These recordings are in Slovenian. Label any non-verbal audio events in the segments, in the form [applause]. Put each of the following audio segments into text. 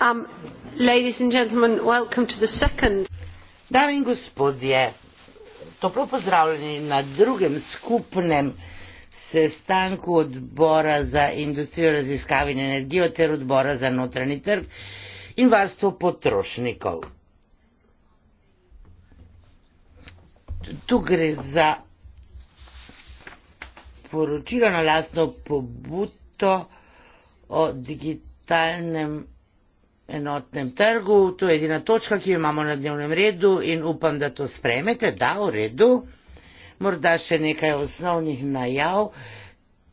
Um, Dame in gospodje, toplo pozdravljeni na drugem skupnem sestanku odbora za industrijo, raziskave in energijo ter odbora za notranji trg in varstvo potrošnikov. Tu gre za poročilo na lastno pobuto o digitalnem enotnem trgu. To je edina točka, ki jo imamo na dnevnem redu in upam, da to spremete. Da, v redu. Morda še nekaj osnovnih najav.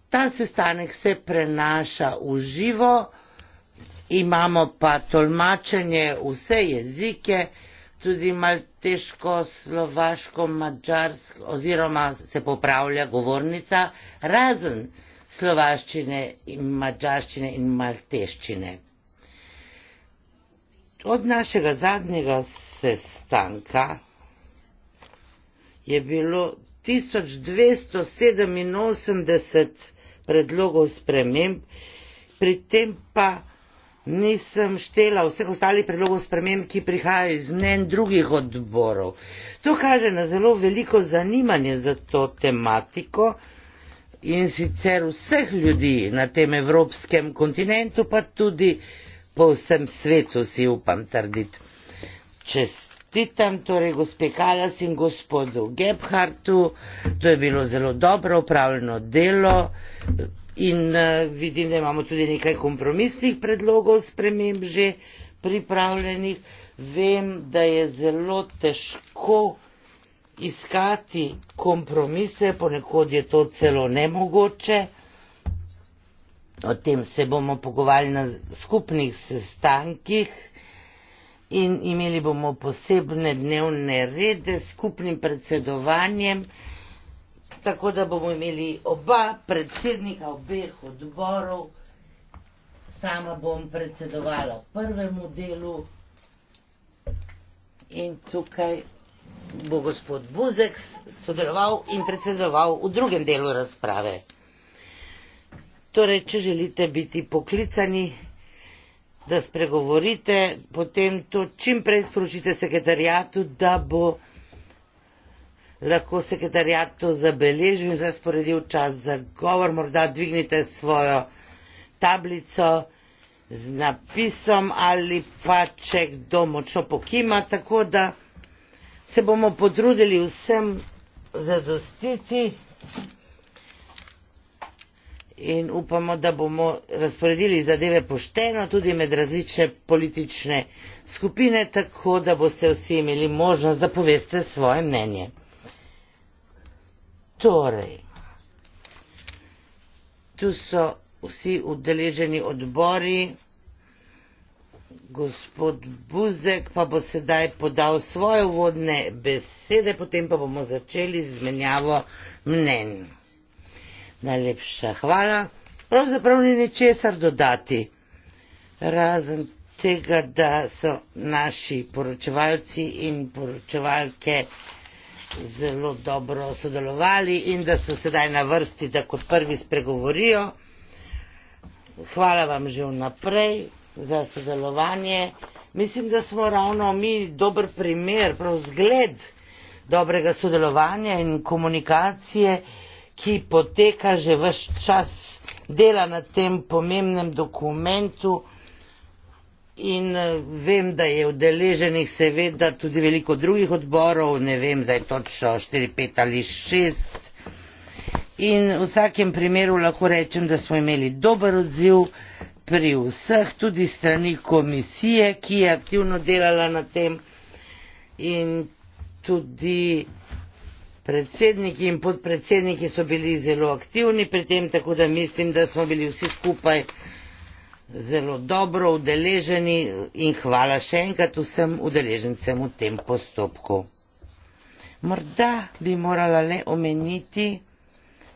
Ta sestanek se prenaša v živo, imamo pa tolmačenje vse jezike, tudi malteško, slovaško, mačarsko oziroma se popravlja govornica razen slovaščine in mađarščine in malteščine. Od našega zadnjega sestanka je bilo 1287 predlogov sprememb, pri tem pa nisem štela vseh ostalih predlogov sprememb, ki prihajajo iz mnen drugih odborov. To kaže na zelo veliko zanimanje za to tematiko in sicer vseh ljudi na tem evropskem kontinentu, pa tudi po vsem svetu, si upam trditi. Čestitam torej gospe Kalas in gospodu Gebhartu, to je bilo zelo dobro upravljeno delo in eh, vidim, da imamo tudi nekaj kompromisnih predlogov sprememb že pripravljenih. Vem, da je zelo težko iskati kompromise, ponekod je to celo nemogoče. O tem se bomo pogovarjali na skupnih sestankih in imeli bomo posebne dnevne rede s skupnim predsedovanjem, tako da bomo imeli oba predsednika obeh odborov. Sama bom predsedovala prvemu delu in tukaj bo gospod Buzek sodeloval in predsedoval v drugem delu razprave. Torej, če želite biti poklicani, da spregovorite, potem to čimprej sporočite sekretarijatu, da bo lahko sekretarijat to zabeležil in razporedil čas za govor. Morda dvignite svojo tablico z napisom ali pa če kdo močno pokima, tako da se bomo potrudili vsem zadostiti in upamo, da bomo razporedili zadeve pošteno tudi med različne politične skupine, tako da boste vsi imeli možnost, da poveste svoje mnenje. Torej, tu so vsi udeleženi odbori. Gospod Buzek pa bo sedaj podal svoje uvodne besede, potem pa bomo začeli z menjavo mnen. Najlepša hvala. Pravzaprav ni ničesar dodati, razen tega, da so naši poročevalci in poročevalke zelo dobro sodelovali in da so sedaj na vrsti, da kot prvi spregovorijo. Hvala vam že vnaprej, za sodelovanje. Mislim, da smo ravno mi dober primer, prav zgled dobrega sodelovanja in komunikacije, ki poteka že vaš čas dela na tem pomembnem dokumentu in eh, vem, da je vdeleženih seveda tudi veliko drugih odborov, ne vem, zdaj točno 4, 5 ali 6. In v vsakem primeru lahko rečem, da smo imeli dober odziv, pri vseh, tudi strani komisije, ki je aktivno delala na tem in tudi predsedniki in podpredsedniki so bili zelo aktivni pri tem, tako da mislim, da smo bili vsi skupaj zelo dobro udeleženi in hvala še enkrat vsem udeležencem v tem postopku. Morda bi morala le omeniti,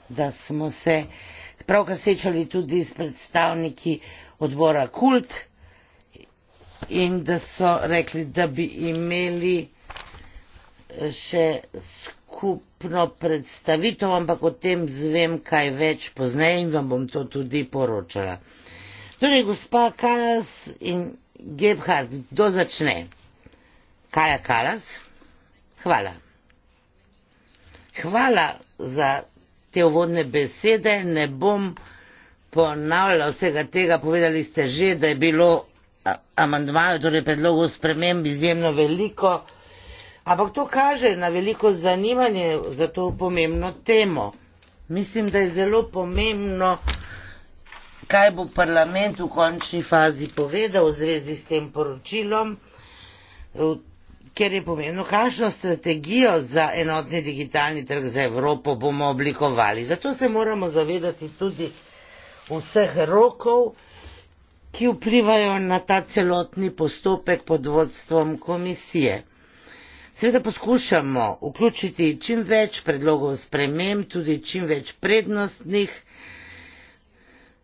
da smo se pravkar srečali tudi s predstavniki uh, odbora Kult in da so rekli, da bi imeli eh, še skupno predstavitev, ampak o tem zvem kaj več pozneje in vam bom to tudi poročala. Torej, gospa Kalas in Gebhard, kdo začne? Kaja Kalas? Hvala. Hvala za te uvodne besede, ne bom ponavljala vsega tega, povedali ste že, da je bilo amandmajo, torej predlogov sprememb izjemno veliko, ampak to kaže na veliko zanimanje za to pomembno temo. Mislim, da je zelo pomembno, kaj bo parlament v končni fazi povedal v zvezi s tem poročilom, ker je pomembno, kakšno strategijo za enotni digitalni trg za Evropo bomo oblikovali. Zato se moramo zavedati tudi, vseh rokov, ki vplivajo na ta celotni postopek pod vodstvom komisije. Seveda poskušamo vključiti čim več predlogov sprejmem, tudi čim več prednostnih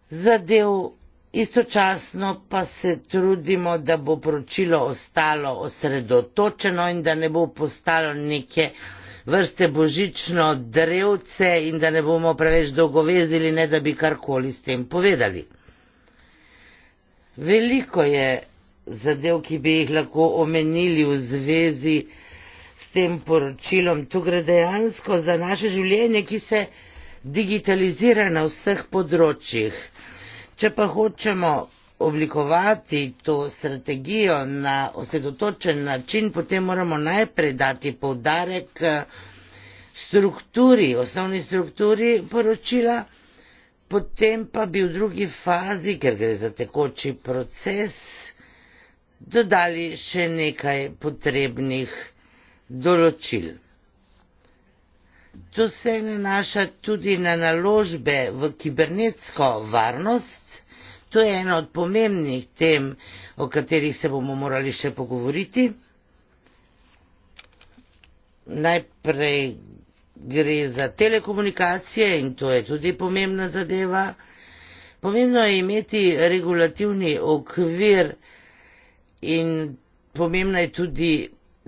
zadev, istočasno pa se trudimo, da bo poročilo ostalo osredotočeno in da ne bo postalo neke vrste božično drevce in da ne bomo preveč dolgo vezili, ne da bi karkoli s tem povedali. Veliko je zadev, ki bi jih lahko omenili v zvezi s tem poročilom. Tu gre dejansko za naše življenje, ki se digitalizira na vseh področjih. Če pa hočemo oblikovati to strategijo na osredotočen način, potem moramo najprej dati povdarek eh, strukturi, osnovni strukturi poročila, potem pa bi v drugi fazi, ker gre za tekoči proces, dodali še nekaj potrebnih določil. To se nanaša tudi na naložbe v kibernetsko varnost, To je ena od pomembnih tem, o katerih se bomo morali še pogovoriti. Najprej gre za telekomunikacije in to je tudi pomembna zadeva. Pomembno je imeti regulativni okvir in pomembna je tudi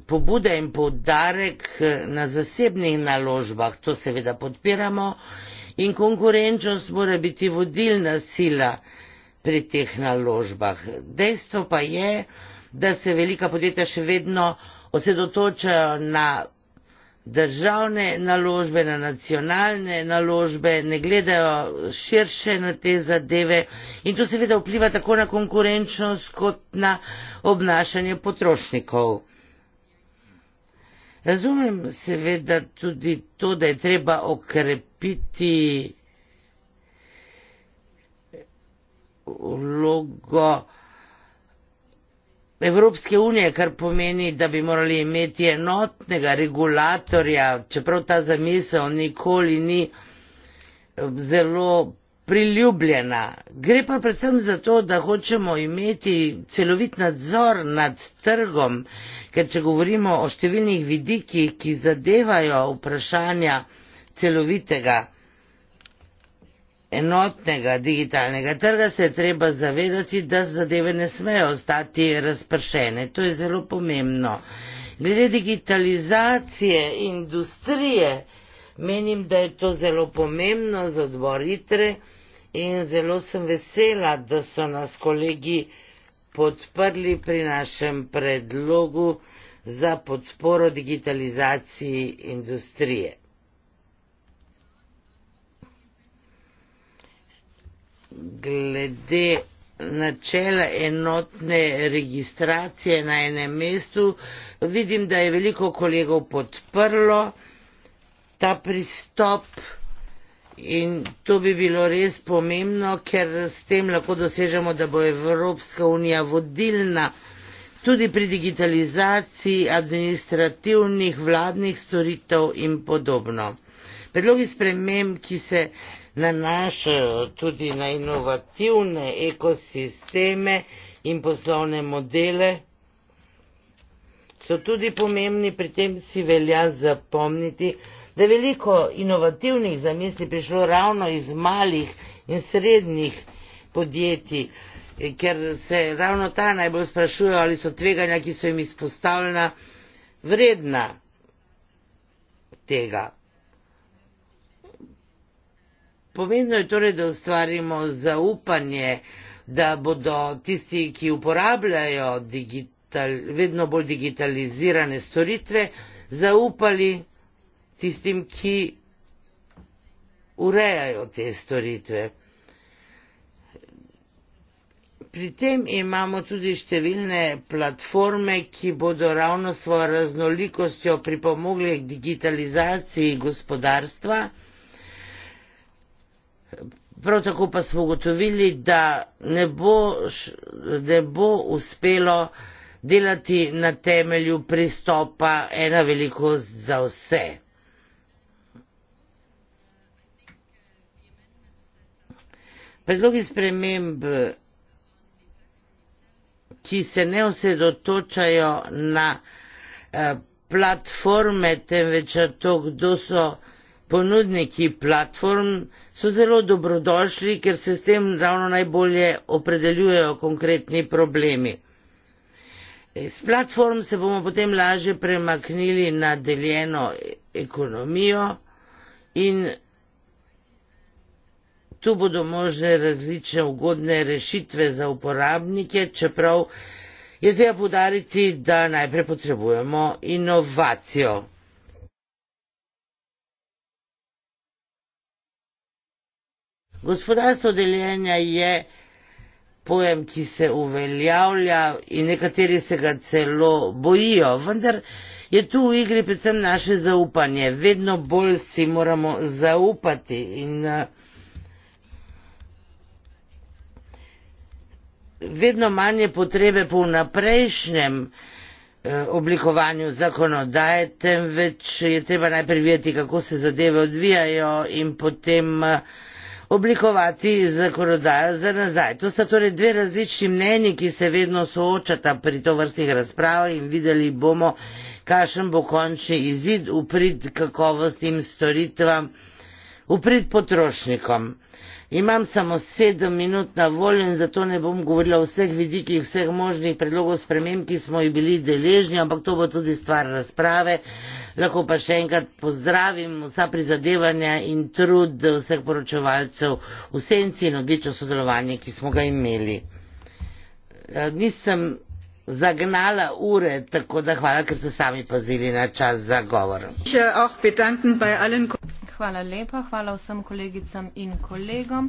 pobuda in poudarek na zasebnih naložbah. To seveda podpiramo in konkurenčnost mora biti vodilna sila pri teh naložbah. Dejstvo pa je, da se velika podjetja še vedno osredotočajo na državne naložbe, na nacionalne naložbe, ne gledajo širše na te zadeve in to seveda vpliva tako na konkurenčnost kot na obnašanje potrošnikov. Razumem seveda tudi to, da je treba okrepiti vlogo Evropske unije, kar pomeni, da bi morali imeti enotnega regulatorja, čeprav ta zamisel nikoli ni eh, zelo priljubljena. Gre pa predvsem za to, da hočemo imeti celovit nadzor nad trgom, ker če govorimo o številnih vidikih, ki zadevajo vprašanja celovitega enotnega digitalnega trga, se je treba zavedati, da zadeve ne smejo ostati razpršene. To je zelo pomembno. Glede digitalizacije industrije, menim, da je to zelo pomembno za odbor ITRE in zelo sem vesela, da so nas kolegi podprli pri našem predlogu za podporo digitalizaciji industrije. glede načela enotne registracije na enem mestu. Vidim, da je veliko kolegov podprlo ta pristop in to bi bilo res pomembno, ker s tem lahko dosežemo, da bo Evropska unija vodilna tudi pri digitalizaciji administrativnih vladnih storitev in podobno. Predlogi sprememb, ki se nanašajo tudi na inovativne ekosisteme in poslovne modele, so tudi pomembni, pri tem si velja zapomniti, da je veliko inovativnih zamisli prišlo ravno iz malih in srednjih podjetij, ker se ravno ta najbolj sprašujejo, ali so tveganja, ki so jim izpostavljena, vredna tega. Pomembno je torej, da ustvarimo zaupanje, da bodo tisti, ki uporabljajo digital, vedno bolj digitalizirane storitve, zaupali tistim, ki urejajo te storitve. Pri tem imamo tudi številne platforme, ki bodo ravno svojo raznolikostjo pripomogli k digitalizaciji gospodarstva. Prav tako pa smo ugotovili, da ne bo, ne bo uspelo delati na temelju pristopa ena velikost za vse. Predlogi sprememb, ki se ne osredotočajo na eh, platforme, temveč na to, kdo so ponudniki platform so zelo dobrodošli, ker se s tem ravno najbolje opredeljujejo konkretni problemi. Z platform se bomo potem lažje premaknili na deljeno ekonomijo in tu bodo možne različne ugodne rešitve za uporabnike, čeprav je treba podariti, da najprej potrebujemo inovacijo. Gospodarstvo deljenja je pojem, ki se uveljavlja in nekateri se ga celo bojijo, vendar je tu v igri predvsem naše zaupanje. Vedno bolj si moramo zaupati in eh, vedno manje potrebe po naprejšnjem eh, oblikovanju zakonodaje, temveč je treba najprej videti, kako se zadeve odvijajo in potem uh, oblikovati zakonodajo za nazaj. To sta torej dve različni mnenji, ki se vedno soočata pri to vrstih razpravah in videli bomo, kakšen bo končni izid v prid kakovostnim storitvam, v prid potrošnikom. Imam samo sedem minut na voljo in zato ne bom govorila o vseh vidikih, vseh možnih predlogov sprememb, ki smo jih bili deležni, ampak to bo tudi stvar razprave lahko pa še enkrat pozdravim vsa prizadevanja in trud vseh poročevalcev v senci in odlično sodelovanje, ki smo ga imeli. Eh, nisem zagnala ure, tako da hvala, ker ste sami pazili na čas za govor. Hvala lepa, hvala vsem kolegicam in kolegom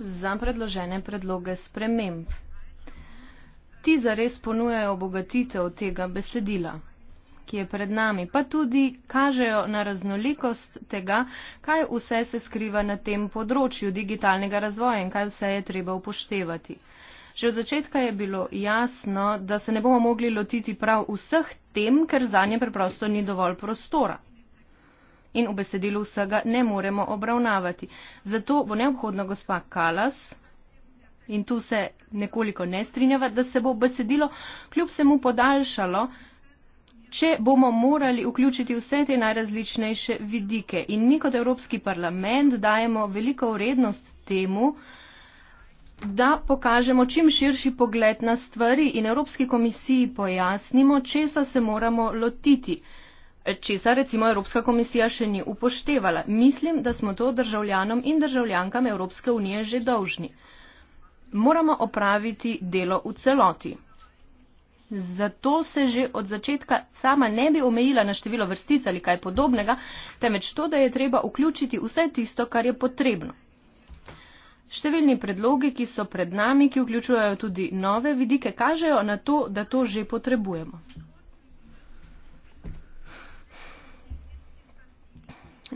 za predložene predloge sprememb. Ti zares ponujajo obogatitev tega besedila ki je pred nami, pa tudi kažejo na raznolikost tega, kaj vse se skriva na tem področju digitalnega razvoja in kaj vse je treba upoštevati. Že od začetka je bilo jasno, da se ne bomo mogli lotiti prav vseh tem, ker za nje preprosto ni dovolj prostora. In v besedilu vsega ne moremo obravnavati. Zato bo neobhodno gospa Kalas, in tu se nekoliko ne strinjava, da se bo besedilo kljub vsemu podaljšalo, če bomo morali vključiti vse te najrazličnejše vidike. In mi kot Evropski parlament dajemo veliko vrednost temu, da pokažemo čim širši pogled na stvari in Evropski komisiji pojasnimo, česa se moramo lotiti, česa recimo Evropska komisija še ni upoštevala. Mislim, da smo to državljanom in državljankam Evropske unije že dolžni. Moramo opraviti delo v celoti. Zato se že od začetka sama ne bi omejila na število vrstic ali kaj podobnega, temveč to, da je treba vključiti vse tisto, kar je potrebno. Številni predlogi, ki so pred nami, ki vključujejo tudi nove vidike, kažejo na to, da to že potrebujemo.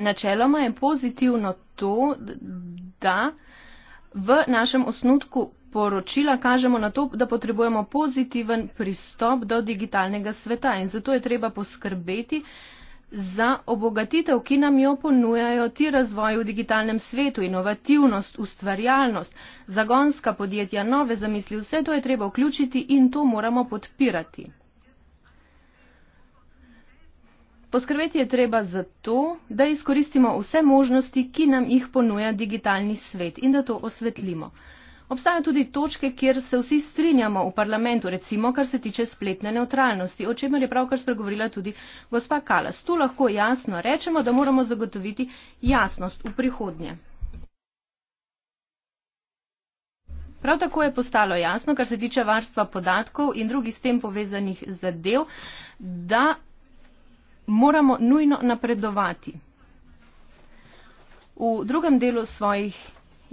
Načeloma je pozitivno to, da v našem osnutku poročila kažemo na to, da potrebujemo pozitiven pristop do digitalnega sveta in zato je treba poskrbeti za obogatitev, ki nam jo ponujajo ti razvoji v digitalnem svetu, inovativnost, ustvarjalnost, zagonska podjetja, nove zamisli, vse to je treba vključiti in to moramo podpirati. Poskrbeti je treba za to, da izkoristimo vse možnosti, ki nam jih ponuja digitalni svet in da to osvetlimo. Obstajajo tudi točke, kjer se vsi strinjamo v parlamentu, recimo kar se tiče spletne neutralnosti, o čemer je pravkar spregovorila tudi gospa Kalas. Tu lahko jasno rečemo, da moramo zagotoviti jasnost v prihodnje. Prav tako je postalo jasno, kar se tiče varstva podatkov in drugih s tem povezanih zadev, da moramo nujno napredovati. V drugem delu svojih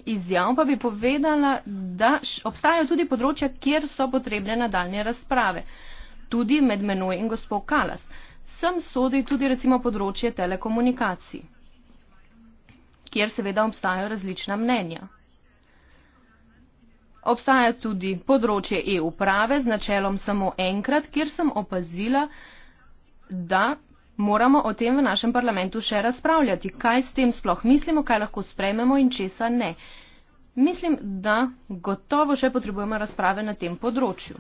izjav pa bi povedala, da obstajajo tudi področja, kjer so potrebne nadaljne razprave, tudi med menoj in gospod Kalas. Sem sodi tudi recimo področje telekomunikacij, kjer seveda obstajajo različna mnenja. Obstaja tudi področje EU prave z načelom samo enkrat, kjer sem opazila, da moramo o tem v našem parlamentu še razpravljati, kaj s tem sploh mislimo, kaj lahko sprejmemo in česa ne. Mislim, da gotovo še potrebujemo razprave na tem področju.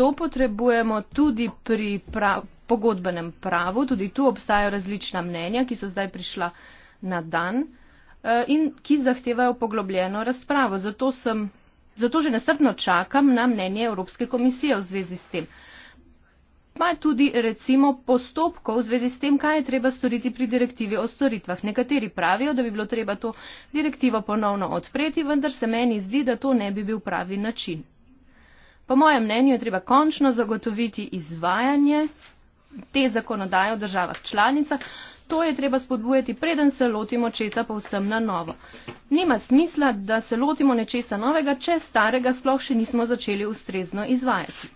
To potrebujemo tudi pri pra pogodbenem pravu, tudi tu obstajajo različna mnenja, ki so zdaj prišla na dan eh, in ki zahtevajo poglobljeno razpravo. Zato, sem, zato že nasrtno čakam na mnenje Evropske komisije v zvezi s tem pa tudi recimo postopkov v zvezi s tem, kaj je treba storiti pri direktivi o storitvah. Nekateri pravijo, da bi bilo treba to direktivo ponovno odpreti, vendar se meni zdi, da to ne bi bil pravi način. Po mojem mnenju je treba končno zagotoviti izvajanje te zakonodaje v državah članicah. To je treba spodbujati, preden se lotimo česa povsem na novo. Nima smisla, da se lotimo nečesa novega, če starega sploh še nismo začeli ustrezno izvajati.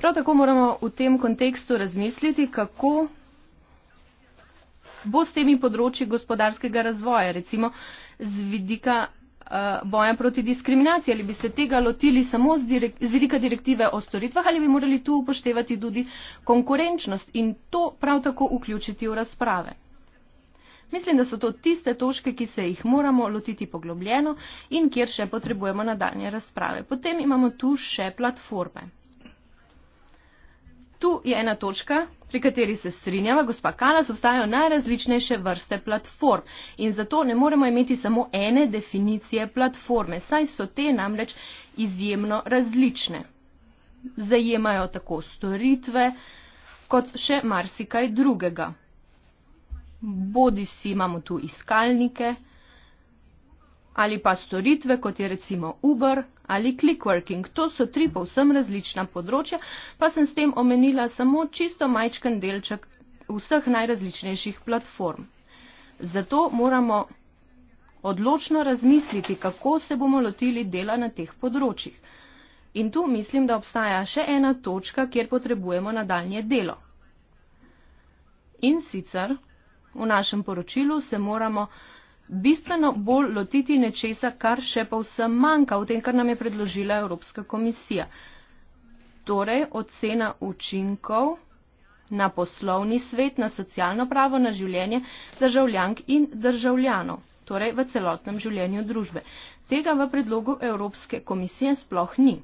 Prav tako moramo v tem kontekstu razmisliti, kako bo s temi področji gospodarskega razvoja, recimo z vidika eh, boja proti diskriminaciji. Ali bi se tega lotili samo z, direk, z vidika direktive o storitvah ali bi morali tu upoštevati tudi konkurenčnost in to prav tako vključiti v razprave. Mislim, da so to tiste točke, ki se jih moramo lotiti poglobljeno in kjer še potrebujemo nadaljne razprave. Potem imamo tu še platforme tu je ena točka, pri kateri se strinjava, gospa Kalas, obstajajo najrazličnejše vrste platform in zato ne moremo imeti samo ene definicije platforme, saj so te namreč izjemno različne. Zajemajo tako storitve kot še marsikaj drugega. Bodi si imamo tu iskalnike, ali pa storitve, kot je recimo Uber ali Clickworking. To so tri povsem različna področja, pa sem s tem omenila samo čisto majčken delček vseh najrazličnejših platform. Zato moramo odločno razmisliti, kako se bomo lotili dela na teh področjih. In tu mislim, da obstaja še ena točka, kjer potrebujemo nadaljnje delo. In sicer v našem poročilu se moramo bistveno bolj lotiti nečesa, kar še povsem manjka v tem, kar nam je predložila Evropska komisija. Torej, ocena učinkov na poslovni svet, na socialno pravo, na življenje državljank in državljanov, torej v celotnem življenju družbe. Tega v predlogu Evropske komisije sploh ni.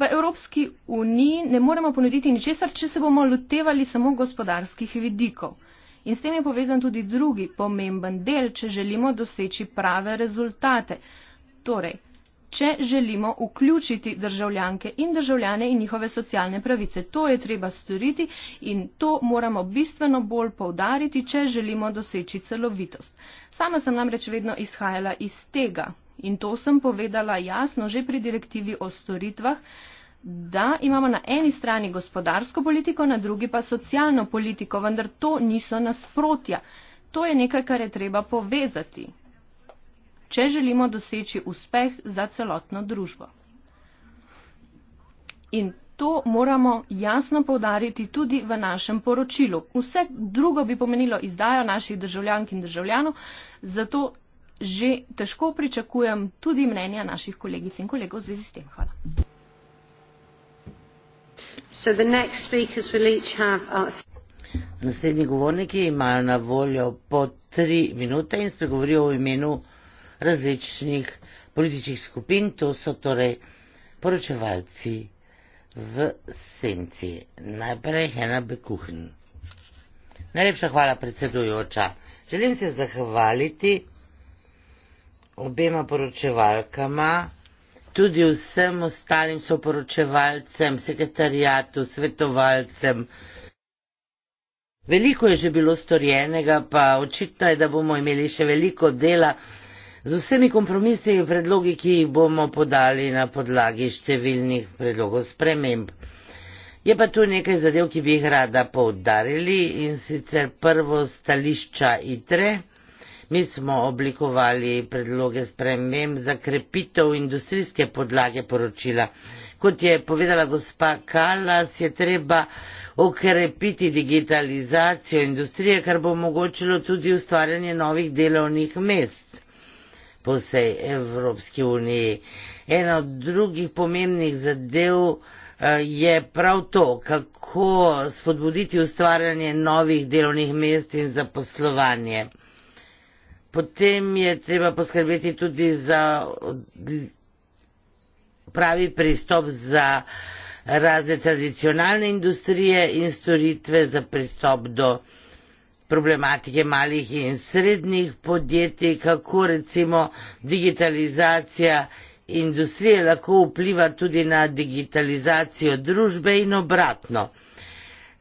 v Evropski uniji ne moremo ponuditi ničesar, če se bomo lotevali samo gospodarskih vidikov. In s tem je povezan tudi drugi pomemben del, če želimo doseči prave rezultate. Torej, če želimo vključiti državljanke in državljane in njihove socialne pravice, to je treba storiti in to moramo bistveno bolj poudariti, če želimo doseči celovitost. Sama sem namreč vedno izhajala iz tega In to sem povedala jasno že pri direktivi o storitvah, da imamo na eni strani gospodarsko politiko, na drugi pa socialno politiko, vendar to niso nasprotja. To je nekaj, kar je treba povezati, če želimo doseči uspeh za celotno družbo. In to moramo jasno povdariti tudi v našem poročilu. Vse drugo bi pomenilo izdajo naših državljank in državljanov, zato že težko pričakujem tudi mnenja naših kolegic in kolegov v zvezi s tem. Hvala. Uh, Naslednji govorniki imajo na voljo po tri minute in spregovorijo v imenu različnih političnih skupin, to so torej poročevalci v senci. Najprej Hena Bekuhn. Najlepša hvala predsedujoča. Želim se zahvaliti obema poročevalkama, tudi vsem ostalim soporočevalcem, sekretarijatu, svetovalcem. Veliko je že bilo storjenega, pa očitno je, da bomo imeli še veliko dela z vsemi kompromisi in predlogi, ki jih bomo podali na podlagi številnih predlogov sprememb. Je pa tu nekaj zadev, ki bi jih rada poudarili in sicer prvo stališča ITRE. Mi smo oblikovali predloge sprememb za krepitev industrijske podlage poročila. Kot je povedala gospa Kalas, je treba okrepiti digitalizacijo industrije, kar bo omogočilo tudi ustvarjanje novih delovnih mest po vsej Evropski uniji. Ena od drugih pomembnih zadev eh, je prav to, kako spodbuditi ustvarjanje novih delovnih mest in zaposlovanje. Potem je treba poskrbeti tudi za pravi pristop za razne tradicionalne industrije in storitve za pristop do problematike malih in srednjih podjetij, kako recimo digitalizacija industrije lahko vpliva tudi na digitalizacijo družbe in obratno.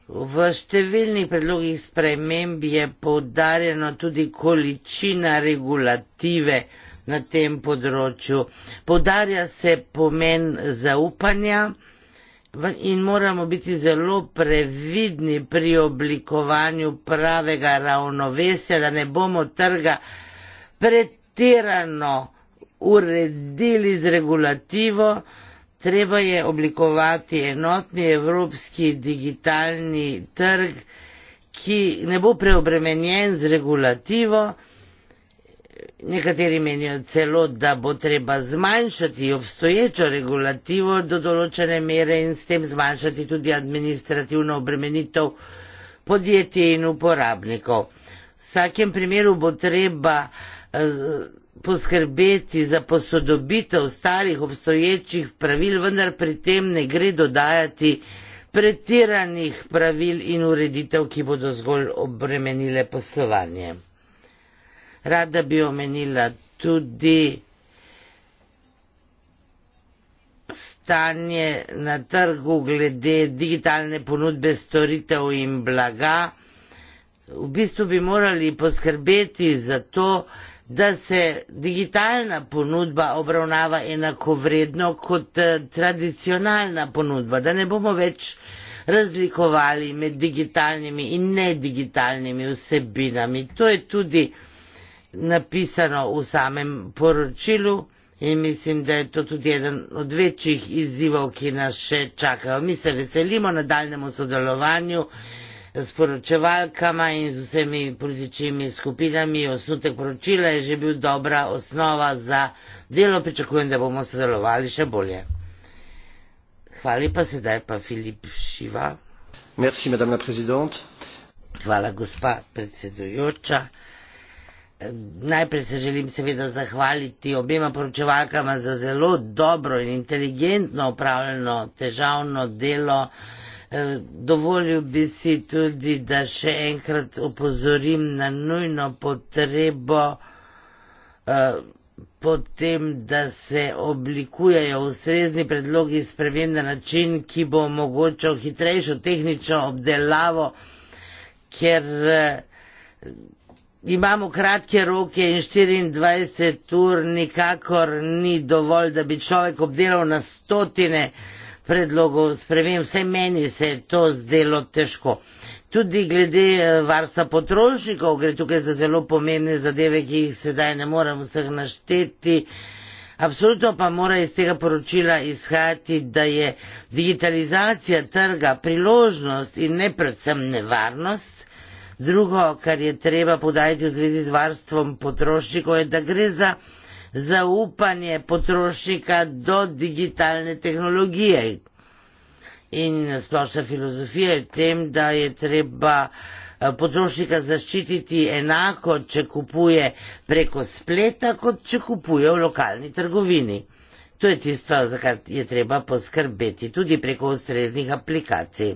V številnih predlogih sprememb je poudarjena tudi količina regulative na tem področju. Poudarja se pomen zaupanja in moramo biti zelo previdni pri oblikovanju pravega ravnovesja, da ne bomo trga pretirano uredili z regulativo. Treba je oblikovati enotni evropski digitalni trg, ki ne bo preobremenjen z regulativo. Nekateri menijo celo, da bo treba zmanjšati obstoječo regulativo do določene mere in s tem zmanjšati tudi administrativno obremenitev podjetij in uporabnikov. V vsakem primeru bo treba eh, poskrbeti za posodobitev starih obstoječih pravil, vendar pri tem ne gre dodajati pretiranih pravil in ureditev, ki bodo zgolj obremenile poslovanje. Rada bi omenila tudi stanje na trgu glede digitalne ponudbe storitev in blaga. V bistvu bi morali poskrbeti za to, da da se digitalna ponudba obravnava enakovredno kot eh, tradicionalna ponudba, da ne bomo več razlikovali med digitalnimi in nedigitalnimi vsebinami. To je tudi napisano v samem poročilu in mislim, da je to tudi eden od večjih izzivov, ki nas še čakajo. Mi se veselimo nadaljnemu sodelovanju s poročevalkama in z vsemi političnimi skupinami. Osnutek poročila je že bil dobra osnova za delo, pričakujem, da bomo sodelovali še bolje. Hvala pa sedaj pa Filip Šiva. Merci, madame la présidente. Hvala, gospa predsedujoča. Najprej se želim seveda zahvaliti obema poročevalkama za zelo dobro in inteligentno upravljeno težavno delo. Eh, dovolil bi si tudi, da še enkrat opozorim na nujno potrebo eh, potem, da se oblikujejo ustrezni predlogi sprememb na način, ki bo omogočal hitrejšo tehnično obdelavo, ker eh, imamo kratke roke in 24 ur nikakor ni dovolj, da bi človek obdelal na stotine predlogov sprememb, vse meni se je to zdelo težko. Tudi glede eh, varstva potrošnikov gre tukaj za zelo pomembne zadeve, ki jih sedaj ne morem vseh našteti. Absolutno pa mora iz tega poročila izhajati, da je digitalizacija trga priložnost in ne predvsem nevarnost. Drugo, kar je treba podajati v zvezi z varstvom potrošnikov, je, da gre za zaupanje potrošnika do digitalne tehnologije. In splošna filozofija je v tem, da je treba eh, potrošnika zaščititi enako, če kupuje preko spleta, kot če kupuje v lokalni trgovini. To je tisto, za kar je treba poskrbeti tudi preko ustreznih aplikacij.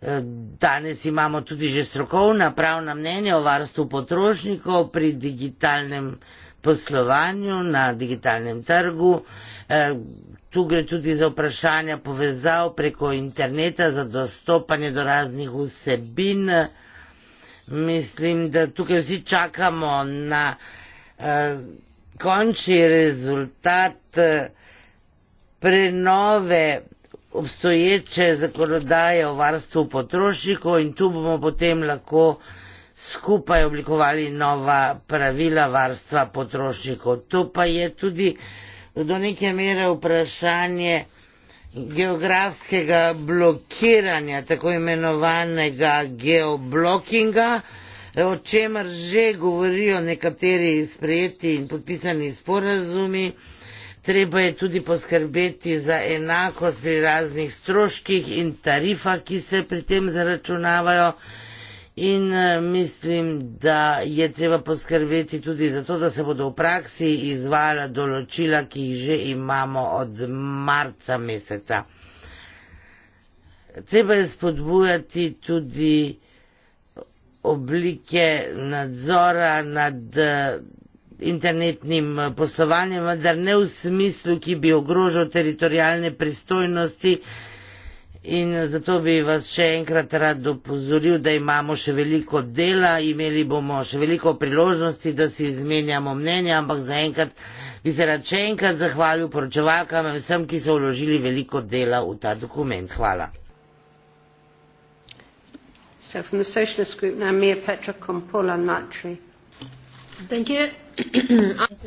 Eh, danes imamo tudi že strokovna pravna mnenja o varstvu potrošnikov pri digitalnem trgovini poslovanju na digitalnem trgu. E, tu gre tudi za vprašanja povezav preko interneta, za dostopanje do raznih vsebin. Mislim, da tukaj vsi čakamo na eh, končni rezultat e, prenove obstoječe zakonodaje o varstvu potrošnikov in tu bomo potem lahko eh, skupaj oblikovali nova pravila varstva potrošnikov. To pa je tudi do neke mere vprašanje geografskega blokiranja, tako imenovanega geoblockinga, o čemer že govorijo nekateri sprejeti in podpisani sporazumi. Treba je tudi poskrbeti za enakost pri raznih stroških in tarifah, ki se pri tem zaračunavajo in eh, mislim, da je treba poskrbeti tudi za to, da se bodo v praksi izvajala določila, ki jih že imamo od marca meseca. Treba je spodbujati tudi oblike nadzora nad eh, internetnim eh, poslovanjem, vendar ne v smislu, ki bi ogrožal teritorijalne pristojnosti, In zato bi vas še enkrat rad upozoril, da imamo še veliko dela, imeli bomo še veliko priložnosti, da si izmenjamo mnenje, ampak zaenkrat bi se rad še enkrat zahvalil poročevalkam in vsem, ki so vložili veliko dela v ta dokument. Hvala.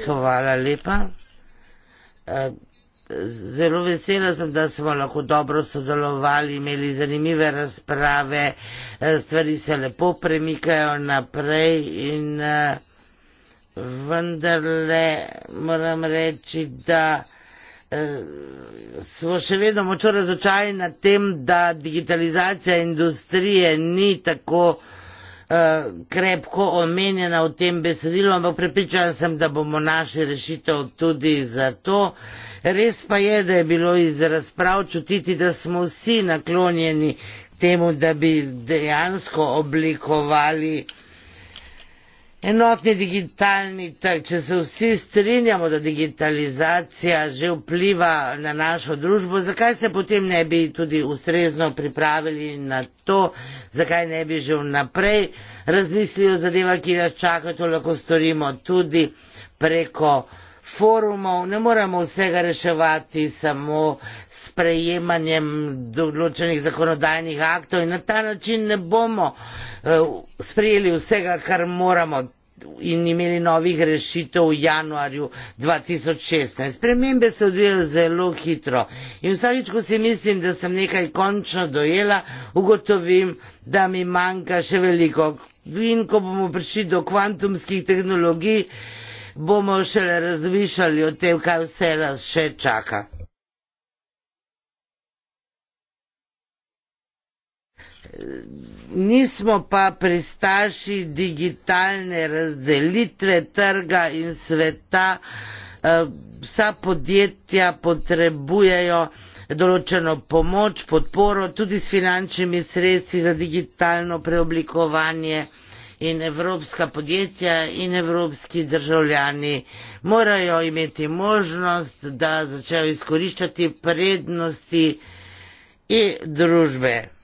Hvala lepa. [coughs] Uh, zelo vesela sem, da smo lahko dobro sodelovali, imeli zanimive razprave, eh, stvari se lepo premikajo naprej in eh, vendarle moram reči, da eh, smo še vedno močno razočajeni nad tem, da digitalizacija industrije ni tako uh, krepko omenjena v tem besedilu, ampak prepričan sem, da bomo našli rešitev tudi za to. Res pa je, da je bilo iz razprav čutiti, da smo vsi naklonjeni temu, da bi dejansko oblikovali enotni digitalni trg, če se vsi strinjamo, da digitalizacija že vpliva na našo družbo, zakaj se potem ne bi tudi ustrezno pripravili na to, zakaj ne bi že vnaprej razmislili o zadevah, ki nas čakajo, to lahko storimo tudi preko forumov, ne moramo vsega reševati samo s prejemanjem določenih zakonodajnih aktov in na ta način ne bomo eh, sprejeli vsega, kar moramo in imeli novih rešitev v januarju 2016. Spremembe se odvijajo zelo hitro in vsakič, ko si mislim, da sem nekaj končno dojela, ugotovim, da mi manjka še veliko. In ko bomo prišli do kvantumskih tehnologij, bomo šele razmišljali o tem, kaj vse nas še čaka. nismo pa pristaši digitalne razdelitve trga in sveta. Eh, vsa podjetja potrebujejo določeno pomoč, podporo tudi s finančnimi sredstvi za digitalno preoblikovanje in evropska podjetja in evropski državljani morajo imeti možnost, da začnejo izkoriščati prednosti in družbe.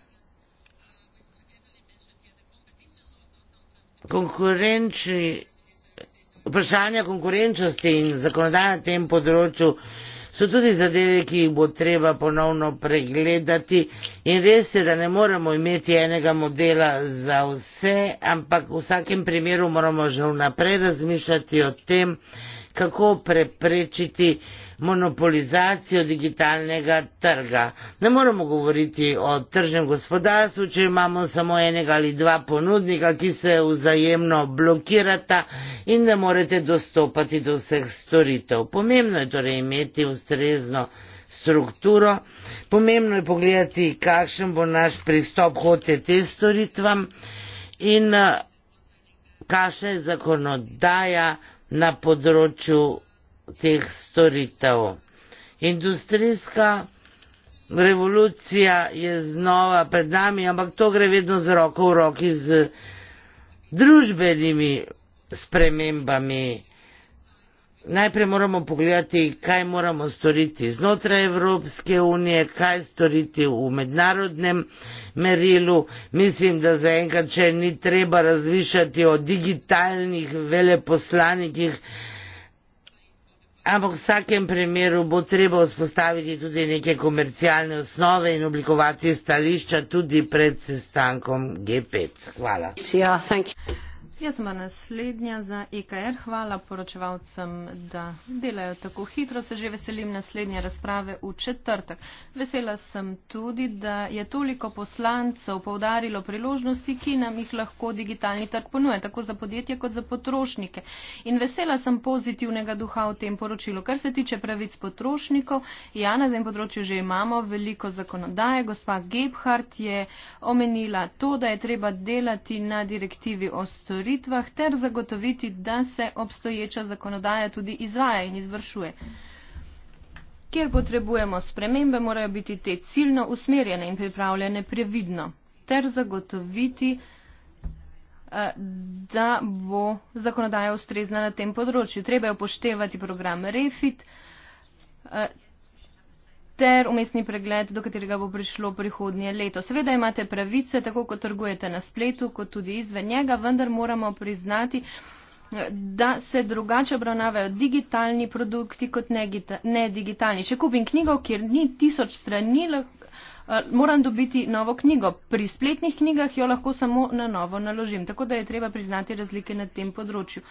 konkurenčni, vprašanja konkurenčnosti in zakonodaje na tem področju so tudi zadeve, ki jih bo treba ponovno pregledati in res je, da ne moremo imeti enega modela za vse, ampak v vsakem primeru moramo že vnaprej razmišljati o tem, kako preprečiti monopolizacijo digitalnega trga. Ne moremo govoriti o tržnem gospodarstvu, če imamo samo enega ali dva ponudnika, ki se vzajemno blokirata in ne morete dostopati do vseh storitev. Pomembno je torej imeti ustrezno strukturo, pomembno je pogledati, kakšen bo naš pristop hote te storitvam in eh, kakšna je zakonodaja na področju teh storitev. Industrijska revolucija je znova pred nami, ampak to gre vedno z roko v roki z družbenimi spremembami. Najprej moramo pogledati, kaj moramo storiti znotraj Evropske unije, kaj storiti v mednarodnem merilu. Mislim, da zaenkrat še ni treba razmišljati o digitalnih veleposlanikih, Ampak v vsakem primeru bo treba vzpostaviti tudi neke komercialne osnove in oblikovati stališča tudi pred sestankom G5. Hvala. Yeah, Jaz sem naslednja za EKR. Hvala poročevalcem, da delajo tako hitro. Se že veselim naslednje razprave v četrtek. Vesela sem tudi, da je toliko poslancev povdarilo priložnosti, ki nam jih lahko digitalni trg ponuje, tako za podjetje kot za potrošnike. In vesela sem pozitivnega duha v tem poročilu. Kar se tiče pravic potrošnikov, ja, na tem področju že imamo veliko zakonodaje. Gospa Gebhardt je omenila to, da je treba delati na direktivi o storitvi volitvah ter zagotoviti, da se obstoječa zakonodaja tudi izvaja in izvršuje. Kjer potrebujemo spremembe, morajo biti te ciljno usmerjene in pripravljene previdno ter zagotoviti, eh, da bo zakonodaja ustrezna na tem področju. Treba je upoštevati program REFIT eh, ter umestni pregled, do katerega bo prišlo prihodnje leto. Seveda imate pravice, tako kot trgujete na spletu, kot tudi izven njega, vendar moramo priznati, da se drugače obravnavajo digitalni produkti kot nedigitalni. Če kupim knjigo, kjer ni tisoč strani, eh, moram dobiti novo knjigo. Pri spletnih knjigah jo lahko samo na novo naložim, tako da je treba priznati razlike na tem področju.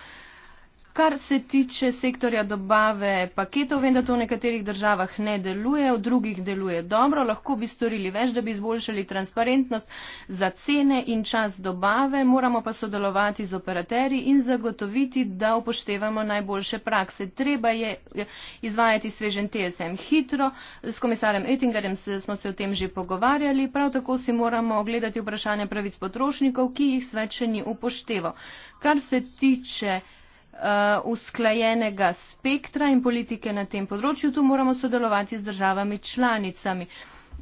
Kar se tiče sektorja dobave paketov, vem, da to v nekaterih državah ne deluje, v drugih deluje dobro. Lahko bi storili več, da bi izboljšali transparentnost za cene in čas dobave. Moramo pa sodelovati z operaterji in zagotoviti, da upoštevamo najboljše prakse. Treba je izvajati svežen TSM hitro. S komisarjem Ettingerjem smo se o tem že pogovarjali. Prav tako si moramo ogledati vprašanje pravic potrošnikov, ki jih svet še ni upošteval. Kar se tiče uh, usklajenega spektra in politike na tem področju, tu moramo sodelovati z državami članicami.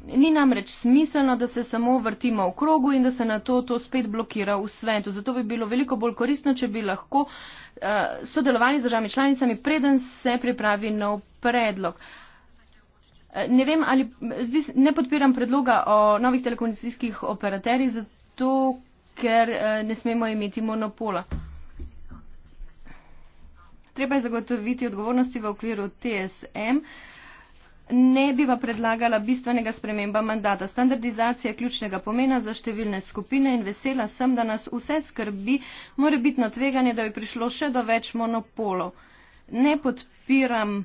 Ni namreč smiselno, da se samo vrtimo v krogu in da se na to, to spet blokira v svetu. Zato bi bilo veliko bolj koristno, če bi lahko uh, sodelovali z državami članicami, preden se pripravi nov predlog. Eh, ne, vem, ali, zdis, ne podpiram predloga o novih telekomunikacijskih operaterjih, zato ker uh, ne smemo imeti monopola. Uh, treba je zagotoviti odgovornosti v okviru TSM. Ne bi pa predlagala bistvenega sprememba mandata. Standardizacija je ključnega pomena za številne skupine in vesela sem, da nas vse skrbi, mora biti na tveganje, da bi prišlo še do več monopolov. Ne podpiram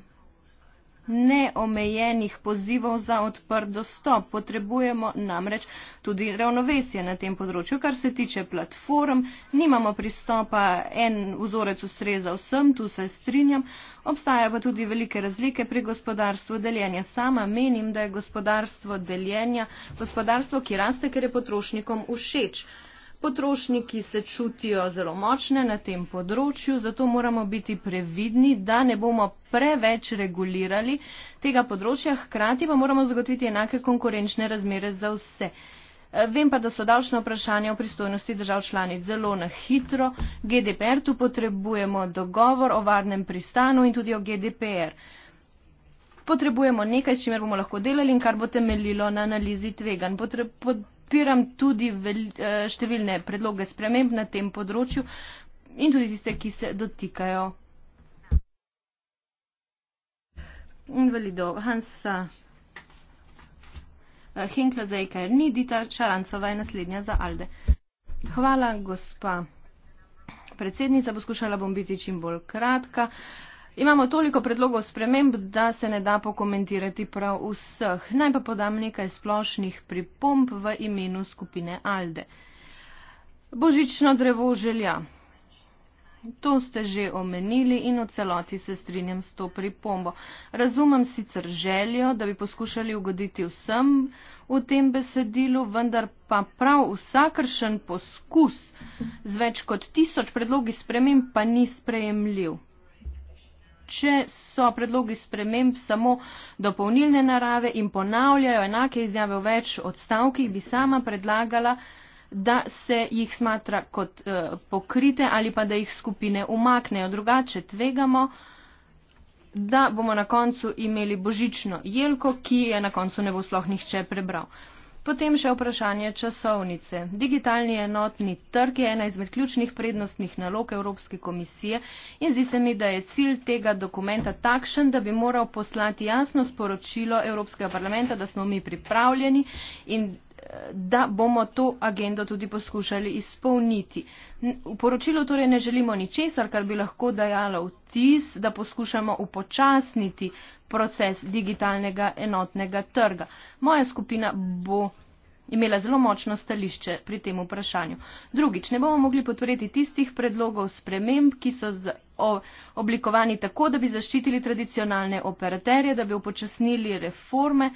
neomejenih pozivov za odprt dostop. Potrebujemo namreč tudi ravnovesje na tem področju. Kar se tiče platform, nimamo pristopa, en vzorec ustreza vsem, tu se strinjam. Obstaja pa tudi velike razlike pri gospodarstvu deljenja. Sama menim, da je gospodarstvo deljenja gospodarstvo, ki raste, ker je potrošnikom všeč. Potrošniki se čutijo zelo močne na tem področju, zato moramo biti previdni, da ne bomo preveč regulirali tega področja, hkrati pa moramo zagotoviti enake konkurenčne razmere za vse. Eh, vem pa, da so davčna vprašanja v pristojnosti držav članic zelo na hitro. GDPR tu potrebujemo dogovor o varnem pristanu in tudi o GDPR potrebujemo nekaj, s čimer bomo lahko delali in kar bo temeljilo na analizi tvegan. Podpiram tudi vel, eh, številne predloge sprememb na tem področju in tudi tiste, ki se dotikajo. Invalido Hansa Hinkla eh, zdaj, e ker ni Dita Šarancova, je naslednja za Alde. Hvala, gospa predsednica, poskušala bom biti čim bolj kratka. Uh, Imamo toliko predlogov sprememb, da se ne da pokomentirati prav vseh. Naj pa podam nekaj splošnih pripomp v imenu skupine Alde. Božično drevo želja. To ste že omenili in v celoti se strinjam s to pripombo. Razumem sicer željo, da bi poskušali ugoditi vsem v tem besedilu, vendar pa prav vsakršen poskus z več kot tisoč predlogi spremem pa ni sprejemljiv če so predlogi sprememb samo dopolnilne narave in ponavljajo enake izjave v več odstavkih, bi sama predlagala, da se jih smatra kot uh, pokrite ali pa da jih skupine umaknejo. Drugače tvegamo, da bomo na koncu imeli božično jelko, ki je na koncu ne bo sploh nihče prebral. Uh, Potem še vprašanje časovnice. Digitalni enotni trg je ena izmed ključnih prednostnih nalog Evropske komisije in zdi se mi, da je cilj tega dokumenta takšen, da bi moral poslati jasno sporočilo Evropskega parlamenta, da smo mi pripravljeni in da bomo to agendo tudi poskušali izpolniti. V poročilu torej ne želimo ničesar, kar bi lahko dajalo vtis, da poskušamo upočasniti proces digitalnega enotnega trga. Moja skupina bo imela zelo močno stališče pri tem vprašanju. Drugič, ne bomo mogli potvoriti tistih predlogov sprememb, ki so z, o, oblikovani tako, da bi zaščitili tradicionalne operaterje, da bi upočasnili reforme, uh,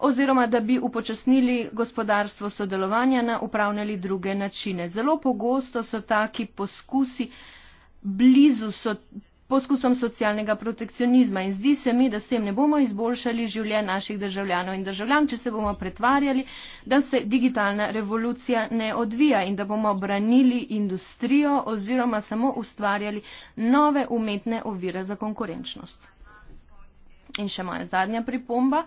oziroma da bi upočasnili gospodarstvo sodelovanja na upravljali druge načine. Zelo pogosto so taki poskusi blizu so, poskusom socialnega protekcionizma in zdi se mi, da s tem ne bomo izboljšali življenj naših državljanov in državljank, če se bomo pretvarjali, da se digitalna revolucija ne odvija in da bomo branili industrijo oziroma samo ustvarjali nove umetne ovire za konkurenčnost. In še moja zadnja pripomba. Uh,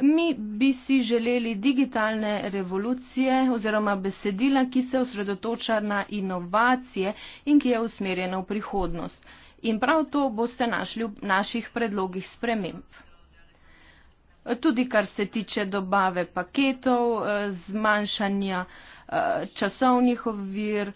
Mi bi si želeli digitalne revolucije oziroma besedila, ki se osredotoča na inovacije in ki je usmerjena v prihodnost. In prav to boste našli v naših predlogih sprememb. Tudi kar se tiče dobave paketov, eh, zmanjšanja eh, časovnih ovir,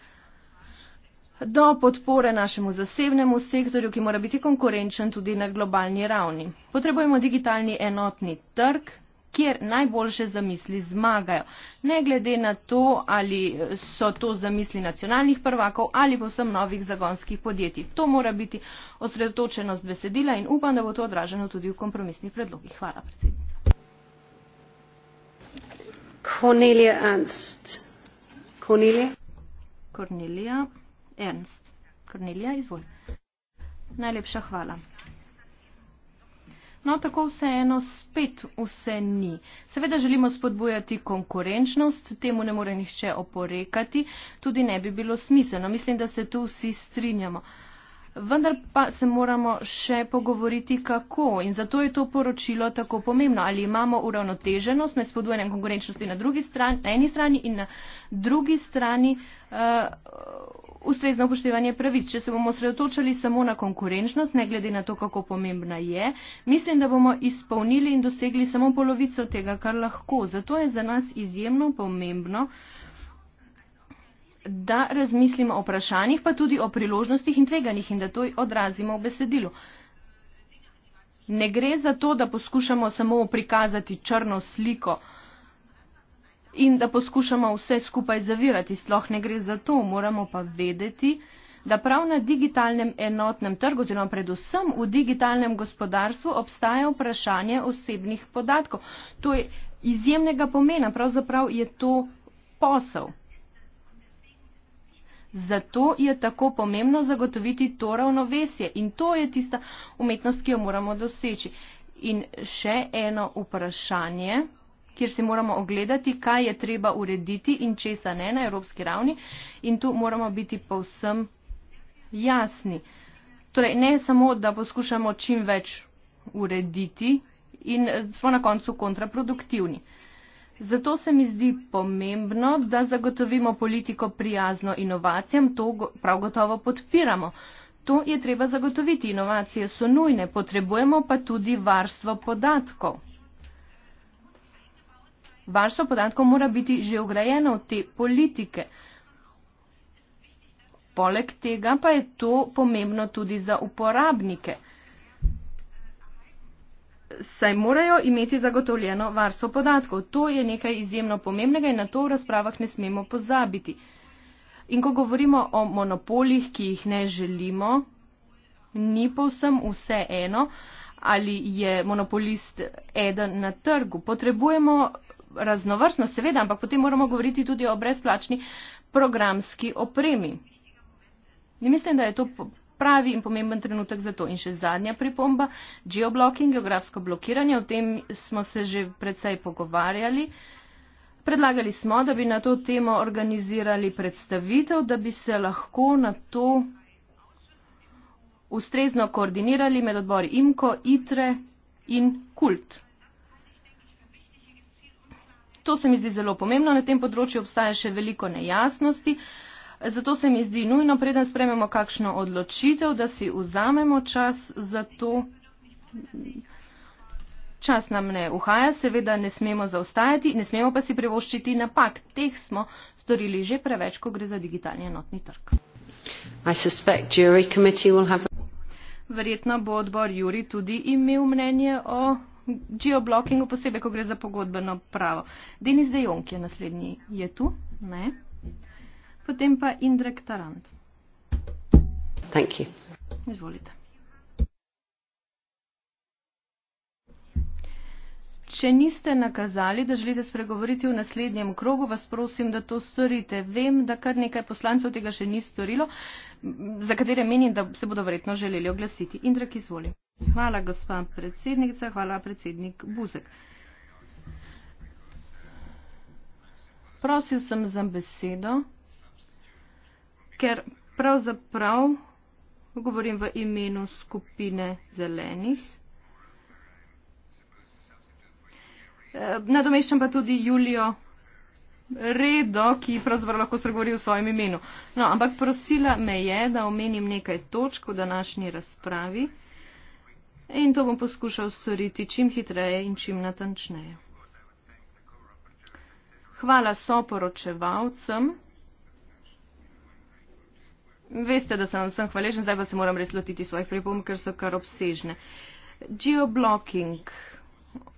do podpore našemu zasebnemu sektorju, ki mora biti konkurenčen tudi na globalni ravni. Potrebujemo digitalni enotni trg kjer najboljše zamisli zmagajo. Ne glede na to, ali so to zamisli nacionalnih prvakov ali pa vsem novih zagonskih podjetij. To mora biti osredotočenost besedila in upam, da bo to odraženo tudi v kompromisnih predlogih. Hvala, predsednica. Cornelia Ernst. Cornelia? Cornelia. Ernst. Kornelija, izvolj. Najlepša hvala. No, tako vseeno spet vse ni. Seveda želimo spodbujati konkurenčnost, temu ne more nihče oporekati, tudi ne bi bilo smiselno. Mislim, da se tu vsi strinjamo. Vendar pa se moramo še pogovoriti, kako in zato je to poročilo tako pomembno. Ali imamo uravnoteženost med spodbujanjem konkurenčnosti na, strani, na eni strani in na drugi strani uh, ustrezno upoštevanje pravic. Če se bomo sredotočali samo na konkurenčnost, ne glede na to, kako pomembna je, mislim, da bomo izpolnili in dosegli samo polovico tega, kar lahko. Zato je za nas izjemno pomembno, da razmislimo o vprašanjih, pa tudi o priložnostih in tveganjih in da to odrazimo v besedilu. Ne gre za to, da poskušamo samo prikazati črno sliko. Uh, in da poskušamo vse skupaj zavirati. Sploh ne gre za to, moramo pa vedeti, da prav na digitalnem enotnem trgu oziroma predvsem v digitalnem gospodarstvu obstaja vprašanje osebnih podatkov. To je izjemnega pomena, pravzaprav je to posel. Zato je tako pomembno zagotoviti to ravnovesje in to je tista umetnost, ki jo moramo doseči. In še eno vprašanje kjer si moramo ogledati, kaj je treba urediti in česa ne na evropski ravni. In tu moramo biti povsem jasni. Torej, ne samo, da poskušamo čim več urediti in eh, smo na koncu kontraproduktivni. Zato se mi zdi pomembno, da zagotovimo politiko prijazno inovacijam, to prav gotovo podpiramo. To je treba zagotoviti, inovacije so nujne, potrebujemo pa tudi varstvo podatkov. Varstvo podatkov mora biti že ugrajeno v te politike. Poleg tega pa je to pomembno tudi za uporabnike, saj morajo imeti zagotovljeno varstvo podatkov. To je nekaj izjemno pomembnega in na to v razpravah ne smemo pozabiti. In ko govorimo o monopolih, ki jih ne želimo, ni povsem vse eno, ali je monopolist eden na trgu. Potrebujemo raznovrstno, seveda, ampak potem moramo govoriti tudi o brezplačni programski opremi. In mislim, da je to pravi in pomemben trenutek za to. In še zadnja pripomba, geoblocking, geografsko blokiranje, o tem smo se že predvsej pogovarjali. Predlagali smo, da bi na to temo organizirali predstavitev, da bi se lahko na to ustrezno koordinirali med odbori IMKO, ITRE in KULT. To se mi zdi zelo pomembno. Na tem področju obstaja še veliko nejasnosti. Zato se mi zdi nujno, preden sprememo kakšno odločitev, da si vzamemo čas za to. Čas nam ne uhaja, seveda ne smemo zaostajati, ne smemo pa si privoščiti napak. Teh smo storili že preveč, ko gre za digitalni enotni trg. Verjetno bo odbor Juri tudi imel mnenje o geoblockingu, posebej, ko gre za pogodbeno pravo. Denis Dejon, ki je naslednji, je tu. Ne. Potem pa Indrek Tarant. Thank you. Izvolite. Če niste nakazali, da želite spregovoriti v naslednjem krogu, vas prosim, da to storite. Vem, da kar nekaj poslancev tega še ni storilo, za katere menim, da se bodo verjetno želeli oglasiti. Indrek, izvolite. Hvala, gospa predsednica. Hvala, predsednik Buzek. Prosil sem za besedo, ker pravzaprav govorim v imenu skupine zelenih. Nadomeščam pa tudi Julijo Redo, ki pravzaprav lahko spregovori v svojem imenu. No, ampak prosila me je, da omenim nekaj točk v današnji razpravi in to bom poskušal storiti čim hitreje in čim natančneje. Hvala soporočevalcem. Veste, da sem vsem hvaležen, zdaj pa se moram res lotiti svojih pripomb, ker so kar obsežne. Geoblocking.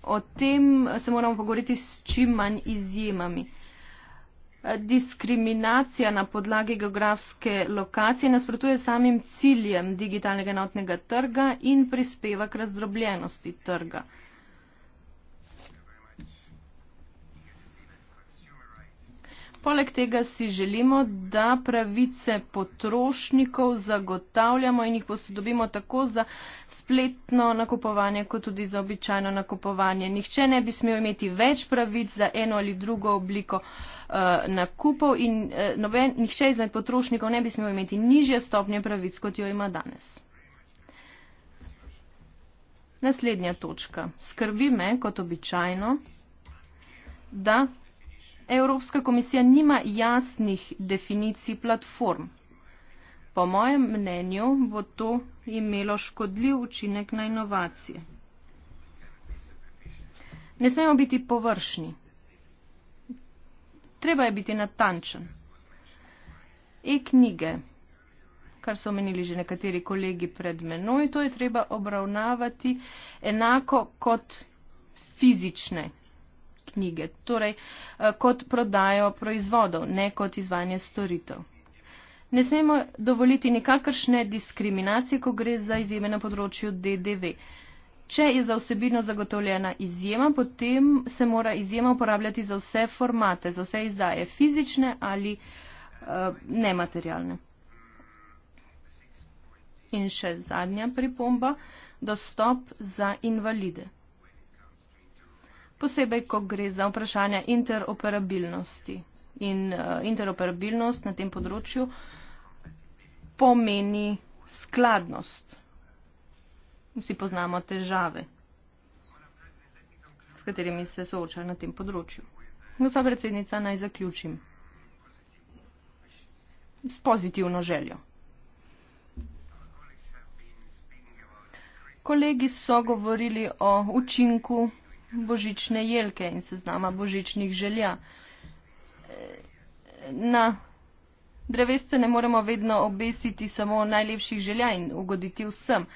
O tem se moramo pogovoriti s čim manj izjemami diskriminacija na podlagi geografske lokacije nasprotuje samim ciljem digitalnega enotnega trga in prispeva k razdrobljenosti trga. Poleg tega si želimo, da pravice potrošnikov zagotavljamo in jih posodobimo tako za spletno nakupovanje, kot tudi za običajno nakupovanje. Nihče ne bi smel imeti več pravic za eno ali drugo obliko uh, nakupov in uh, noben, nihče izmed potrošnikov ne bi smel imeti nižje stopnje pravic, kot jo ima danes. Naslednja točka. Skrbi me, kot običajno, da Evropska komisija nima jasnih definicij platform. Po mojem mnenju bo to imelo škodljiv učinek na inovacije. Ne smemo biti površni. Treba je biti natančen. E-knjige, kar so omenili že nekateri kolegi pred menoj, to je treba obravnavati enako kot fizične knjige, torej eh, kot prodajo proizvodov, ne kot izvajanje storitev. Ne smemo dovoliti nikakršne diskriminacije, ko gre za izjeme na področju DDV. Če je za vsebino zagotovljena izjema, potem se mora izjema uporabljati za vse formate, za vse izdaje, fizične ali uh, nematerialne. In še zadnja pripomba, dostop za invalide posebej, ko gre za vprašanje interoperabilnosti. In uh, interoperabilnost na tem področju pomeni skladnost. Vsi poznamo težave, s katerimi se sooča na tem področju. Gospa predsednica, naj zaključim s pozitivno željo. Kolegi so govorili o učinku božične jelke in seznama božičnih želja. Na drevesce ne moremo vedno obesiti samo najlepših želja in ugoditi vsem.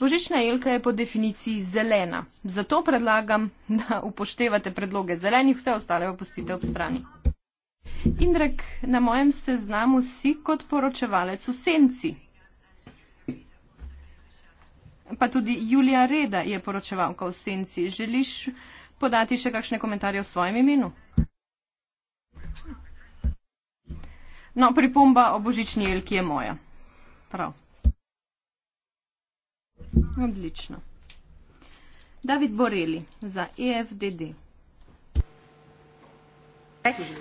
Božična jelka je po definiciji zelena, zato predlagam, da upoštevate predloge zelenih, vse ostale pa pustite ob strani. Indrek, na mojem seznamu si kot poročevalec v senci. Pa tudi Julija Reda je poročevalka v Senci. Želiš podati še kakšne komentarje v svojem imenu? No, pripomba o božični jelki je moja. Prav. Odlično. David Boreli za EFDD.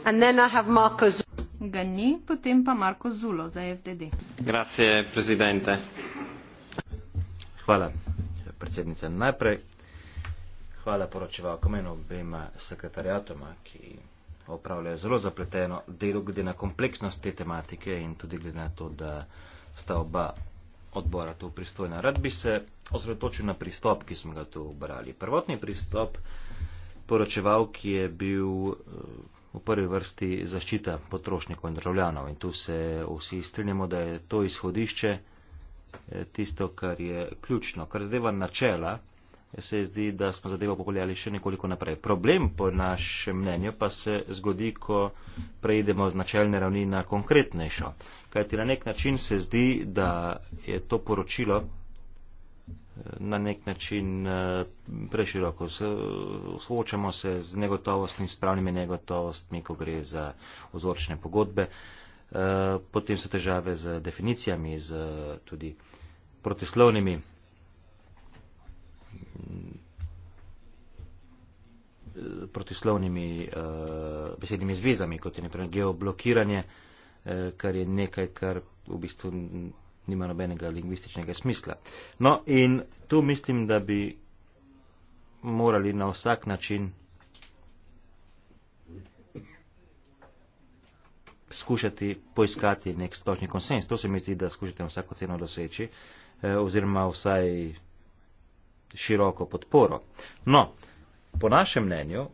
And then I have Marco Z Ga ni, potem pa Marko Zulo za EFDD. Grazie, predsednik. Hvala, predsednica. Najprej hvala poročevalkom in obema sekretarjatoma, ki opravljajo zelo zapleteno delo glede na kompleksnost te tematike in tudi glede na to, da sta oba odbora tu pristojna. Rad bi se osredotočil na pristop, ki smo ga tu obrali. Prvotni pristop poročevalki je bil eh, v prvi vrsti zaščita potrošnikov in državljanov in tu se vsi strinjamo, da je to izhodišče Eh, tisto, kar je ključno. Kar zadeva načela, se zdi, da smo zadevo pogledali še nekoliko naprej. Problem po našem mnenju pa se zgodi, ko preidemo z načelne ravni na konkretnejšo. Kaj ti na nek način se zdi, da je to poročilo eh, na nek način eh, preširoko. Soočamo se z negotovostmi, s pravnimi negotovostmi, ko gre za ozorčne pogodbe. Eh, potem so težave z definicijami, z tudi protislovnimi eh, protislovnimi uh, besednimi zvezami, kot je naprimer geoblokiranje, uh, kar je nekaj, kar v bistvu nima nobenega lingvističnega smisla. No in tu mislim, da bi morali na vsak način skušati poiskati nek splošni konsens. To se mi zdi, da skušate vsako ceno doseči, eh, oziroma vsaj široko podporo. No, po našem mnenju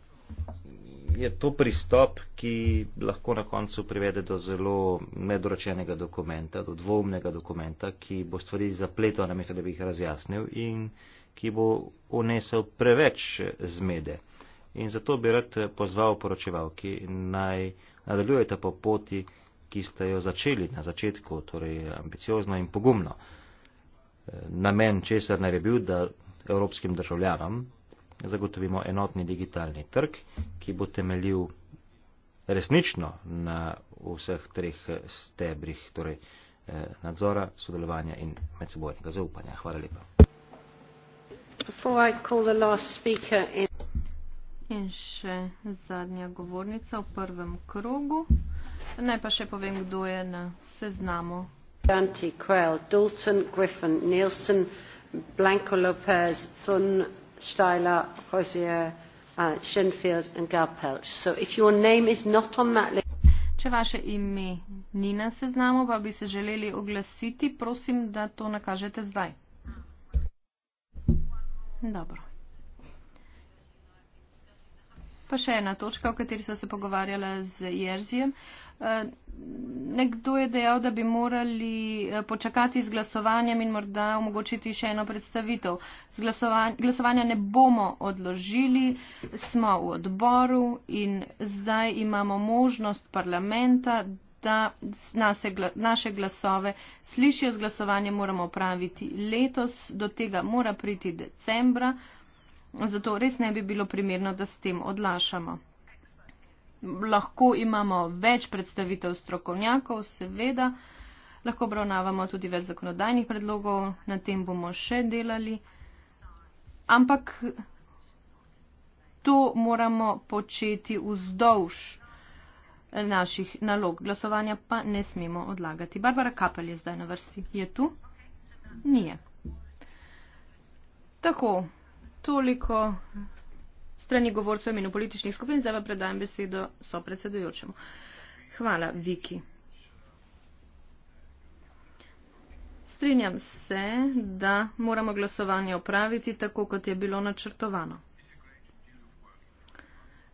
je to pristop, ki lahko na koncu privede do zelo nedoročenega dokumenta, do dvomnega dokumenta, ki bo stvari zapletel, namesto da bi jih razjasnil in ki bo unesel preveč zmede. In zato bi rad pozval poročevalki naj nadaljujete po poti, ki ste jo začeli na začetku, torej ambiciozno in pogumno. Namen česar naj bi bil, da evropskim državljanom zagotovimo enotni digitalni trg, ki bo temeljil resnično na vseh treh stebrih torej eh, nadzora, sodelovanja in medsebojnega zaupanja. Hvala lepa. Before I call the last speaker in... In še zadnja govornica v prvem krogu. Naj pa še povem, kdo je na seznamu. Dante, Quayle, Dalton, Griffin, Nielsen, Blanco Lopez, Thun, Steyler, Hozier, uh, Schenfield and Galpelch. So if your name is not on that list... Če vaše ime ni na seznamu, pa bi se želeli oglasiti, prosim, da to nakažete zdaj. Dobro pa še ena točka, o kateri so se pogovarjala z Jerzijem. E, nekdo je dejal, da bi morali e, počakati z glasovanjem in morda omogočiti še eno predstavitev. Glasovanja ne bomo odložili, smo v odboru in zdaj imamo možnost parlamenta, da nase, naše glasove slišijo. Z glasovanjem moramo opraviti letos, do tega mora priti decembra. Zato res ne bi bilo primerno, da s tem odlašamo. Lahko imamo več predstavitev strokovnjakov, seveda, lahko obravnavamo tudi več zakonodajnih predlogov, na tem bomo še delali. Ampak to moramo početi vzdolž naših nalog. Glasovanja pa ne smemo odlagati. Barbara Kapel je zdaj na vrsti. Je tu? Nije. Tako. Toliko strani govorcev in političnih skupin, zdaj pa predajam besedo so predsedujočemu. Hvala, Viki. Strinjam se, da moramo glasovanje opraviti tako, kot je bilo načrtovano.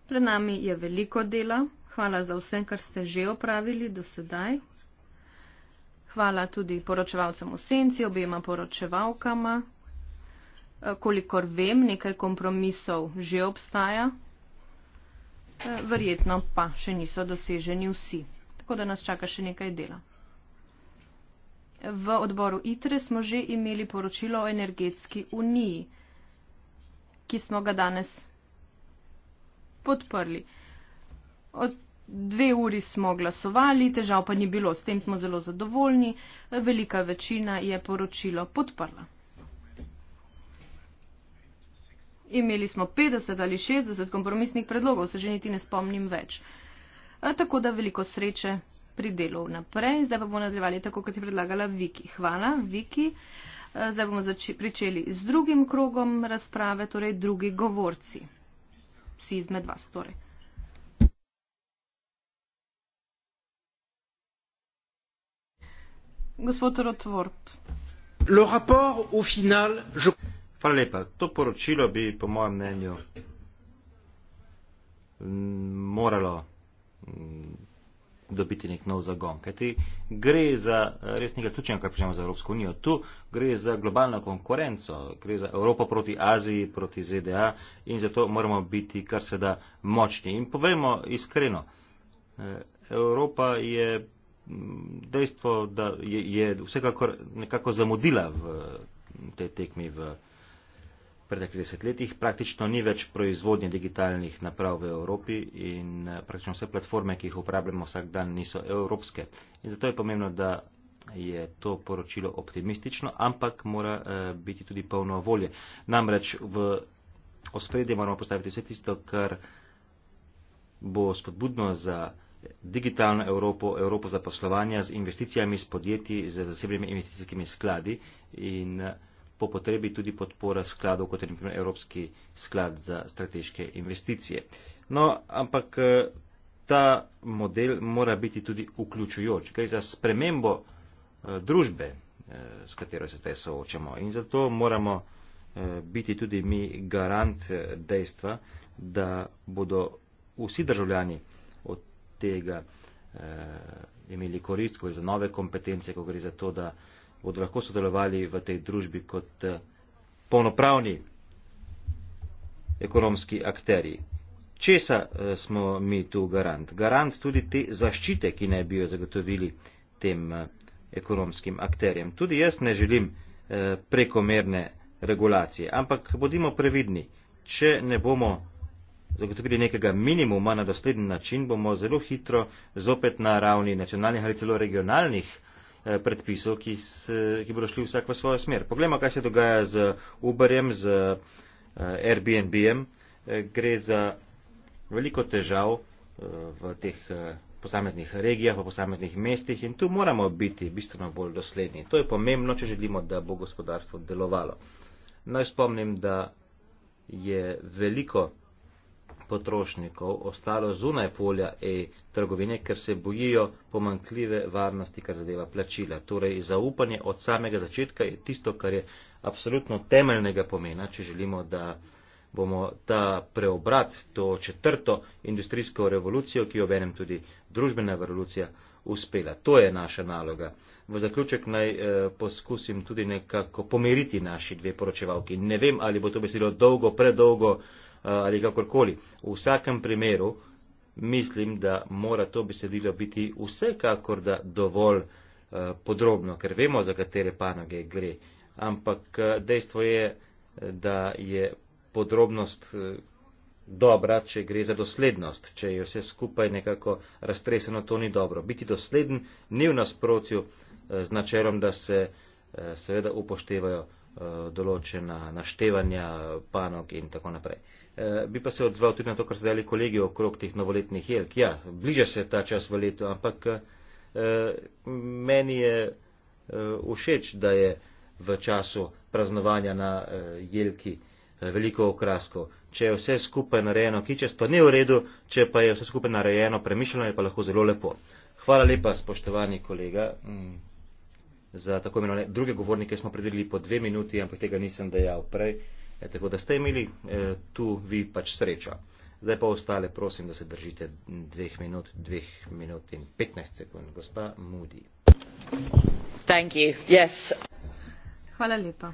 Pred nami je veliko dela. Hvala za vse, kar ste že opravili do sedaj. Hvala tudi poročevalcem v senci, obema poročevalkama. Eh, kolikor vem, nekaj kompromisov že obstaja, eh, verjetno pa še niso doseženi vsi. Tako da nas čaka še nekaj dela. V odboru ITRE smo že imeli poročilo o energetski uniji, ki smo ga danes podprli. Od dve uri smo glasovali, težav pa ni bilo, s tem smo zelo zadovoljni, velika večina je poročilo podprla. imeli smo 50 ali 60 kompromisnih predlogov, se že niti ne spomnim več. Tako da veliko sreče pri delu naprej. Zdaj pa bomo nadaljevali tako, kot je predlagala Viki. Hvala, Viki. Zdaj bomo začeli z drugim krogom razprave, torej drugi govorci. Vsi izmed vas torej. Gospod Rotvort. Le rapport au final, je... Hvala lepa. To poročilo bi, po mojem mnenju, moralo mm, dobiti nek nov zagon. Kajti gre za eh, res nekaj tučenja, kar počnemo za Evropsko unijo. Tu gre za globalno konkurenco, gre za Evropo proti Aziji, proti ZDA in zato moramo biti kar se da močni. In povemo iskreno, eh, Evropa je mm, dejstvo, da je, je vsekakor nekako zamudila v tej tekmi v Evropi preteklih desetletjih praktično ni več proizvodnje digitalnih naprav v Evropi in eh, praktično vse platforme, ki jih uporabljamo vsak dan, niso evropske. In zato je pomembno, da je to poročilo optimistično, ampak mora eh, biti tudi polno volje. Namreč v ospredje moramo postaviti vse tisto, kar bo spodbudno za digitalno Evropo, Evropo zaposlovanja z investicijami, s podjetji, z zasebnimi investicijskimi skladi in eh, po potrebi tudi podpora skladov, kot je naprimer Evropski sklad za strateške investicije. No, ampak eh, ta model mora biti tudi vključujoč, gre za spremembo eh, družbe, eh, s katero se zdaj soočamo. In zato moramo biti tudi mi garant dejstva, da bodo vsi državljani od tega imeli korist, ko gre za nove kompetence, ko gre za to, da bodo lahko sodelovali v tej družbi kot eh, polnopravni ekonomski akteri. Česa eh, smo mi tu garant? Garant tudi te zaščite, ki naj bi jo zagotovili tem eh, ekonomskim akterjem. Tudi jaz ne želim prekomerne regulacije, ampak bodimo previdni. Če ne bomo zagotovili nekega minimuma na dosleden način, bomo zelo hitro zopet na ravni nacionalnih ali celo regionalnih Eh, predpisov, ki, se, ki bodo šli vsak v svojo smer. Poglejmo, kaj se dogaja z Uberjem, z eh, Airbnbjem. Eh, gre za veliko težav v teh posameznih regijah, v posameznih mestih in tu moramo biti bistveno bolj dosledni. To je pomembno, če želimo, da bo gospodarstvo delovalo. Naj spomnim, da je veliko potrošnikov ostalo zunaj polja e-trgovine, ker se bojijo pomankljive varnosti, kar zadeva plačila. Torej, zaupanje od samega začetka je tisto, kar je absolutno temeljnega pomena, če želimo, da bomo ta preobrat, to četrto industrijsko revolucijo, ki jo venem tudi družbena revolucija, uspela. To je naša naloga. V zaključek naj e, poskusim tudi nekako pomeriti naši dve poročevalki. Ne vem, ali bo to besedilo dolgo, predolgo. Eh, ali kakorkoli. V vsakem primeru mislim, da mora to besedilo biti vsekakor da dovolj eh, podrobno, ker vemo, za katere panoge gre. Ampak eh, dejstvo je, da je podrobnost dobra, če gre za doslednost, če je vse skupaj nekako raztreseno, to ni dobro. Biti dosleden ni v nasprotju z načelom, da se seveda upoštevajo določena naštevanja panog in tako naprej. Eh, bi pa se odzval tudi na to, kar so dali kolegi okrog teh novoletnih jelk. Ja, bliža se ta čas v letu, ampak eh, meni je eh, všeč, da je v času praznovanja na jelki veliko okrasko. Če je vse skupaj narejeno kičasto, ni v redu, če pa je vse skupaj narejeno, premišljeno je pa lahko zelo lepo. Hvala lepa, spoštovani kolega, mm, za tako imenovane druge govornike smo predvideli po dve minuti, ampak tega nisem dejal prej. E, tako da ste imeli e, tu vi pač srečo. Zdaj pa ostale prosim, da se držite dveh minut, dveh minut in 15 sekund. Gospa Moody. Thank you. Yes. Hvala lepa.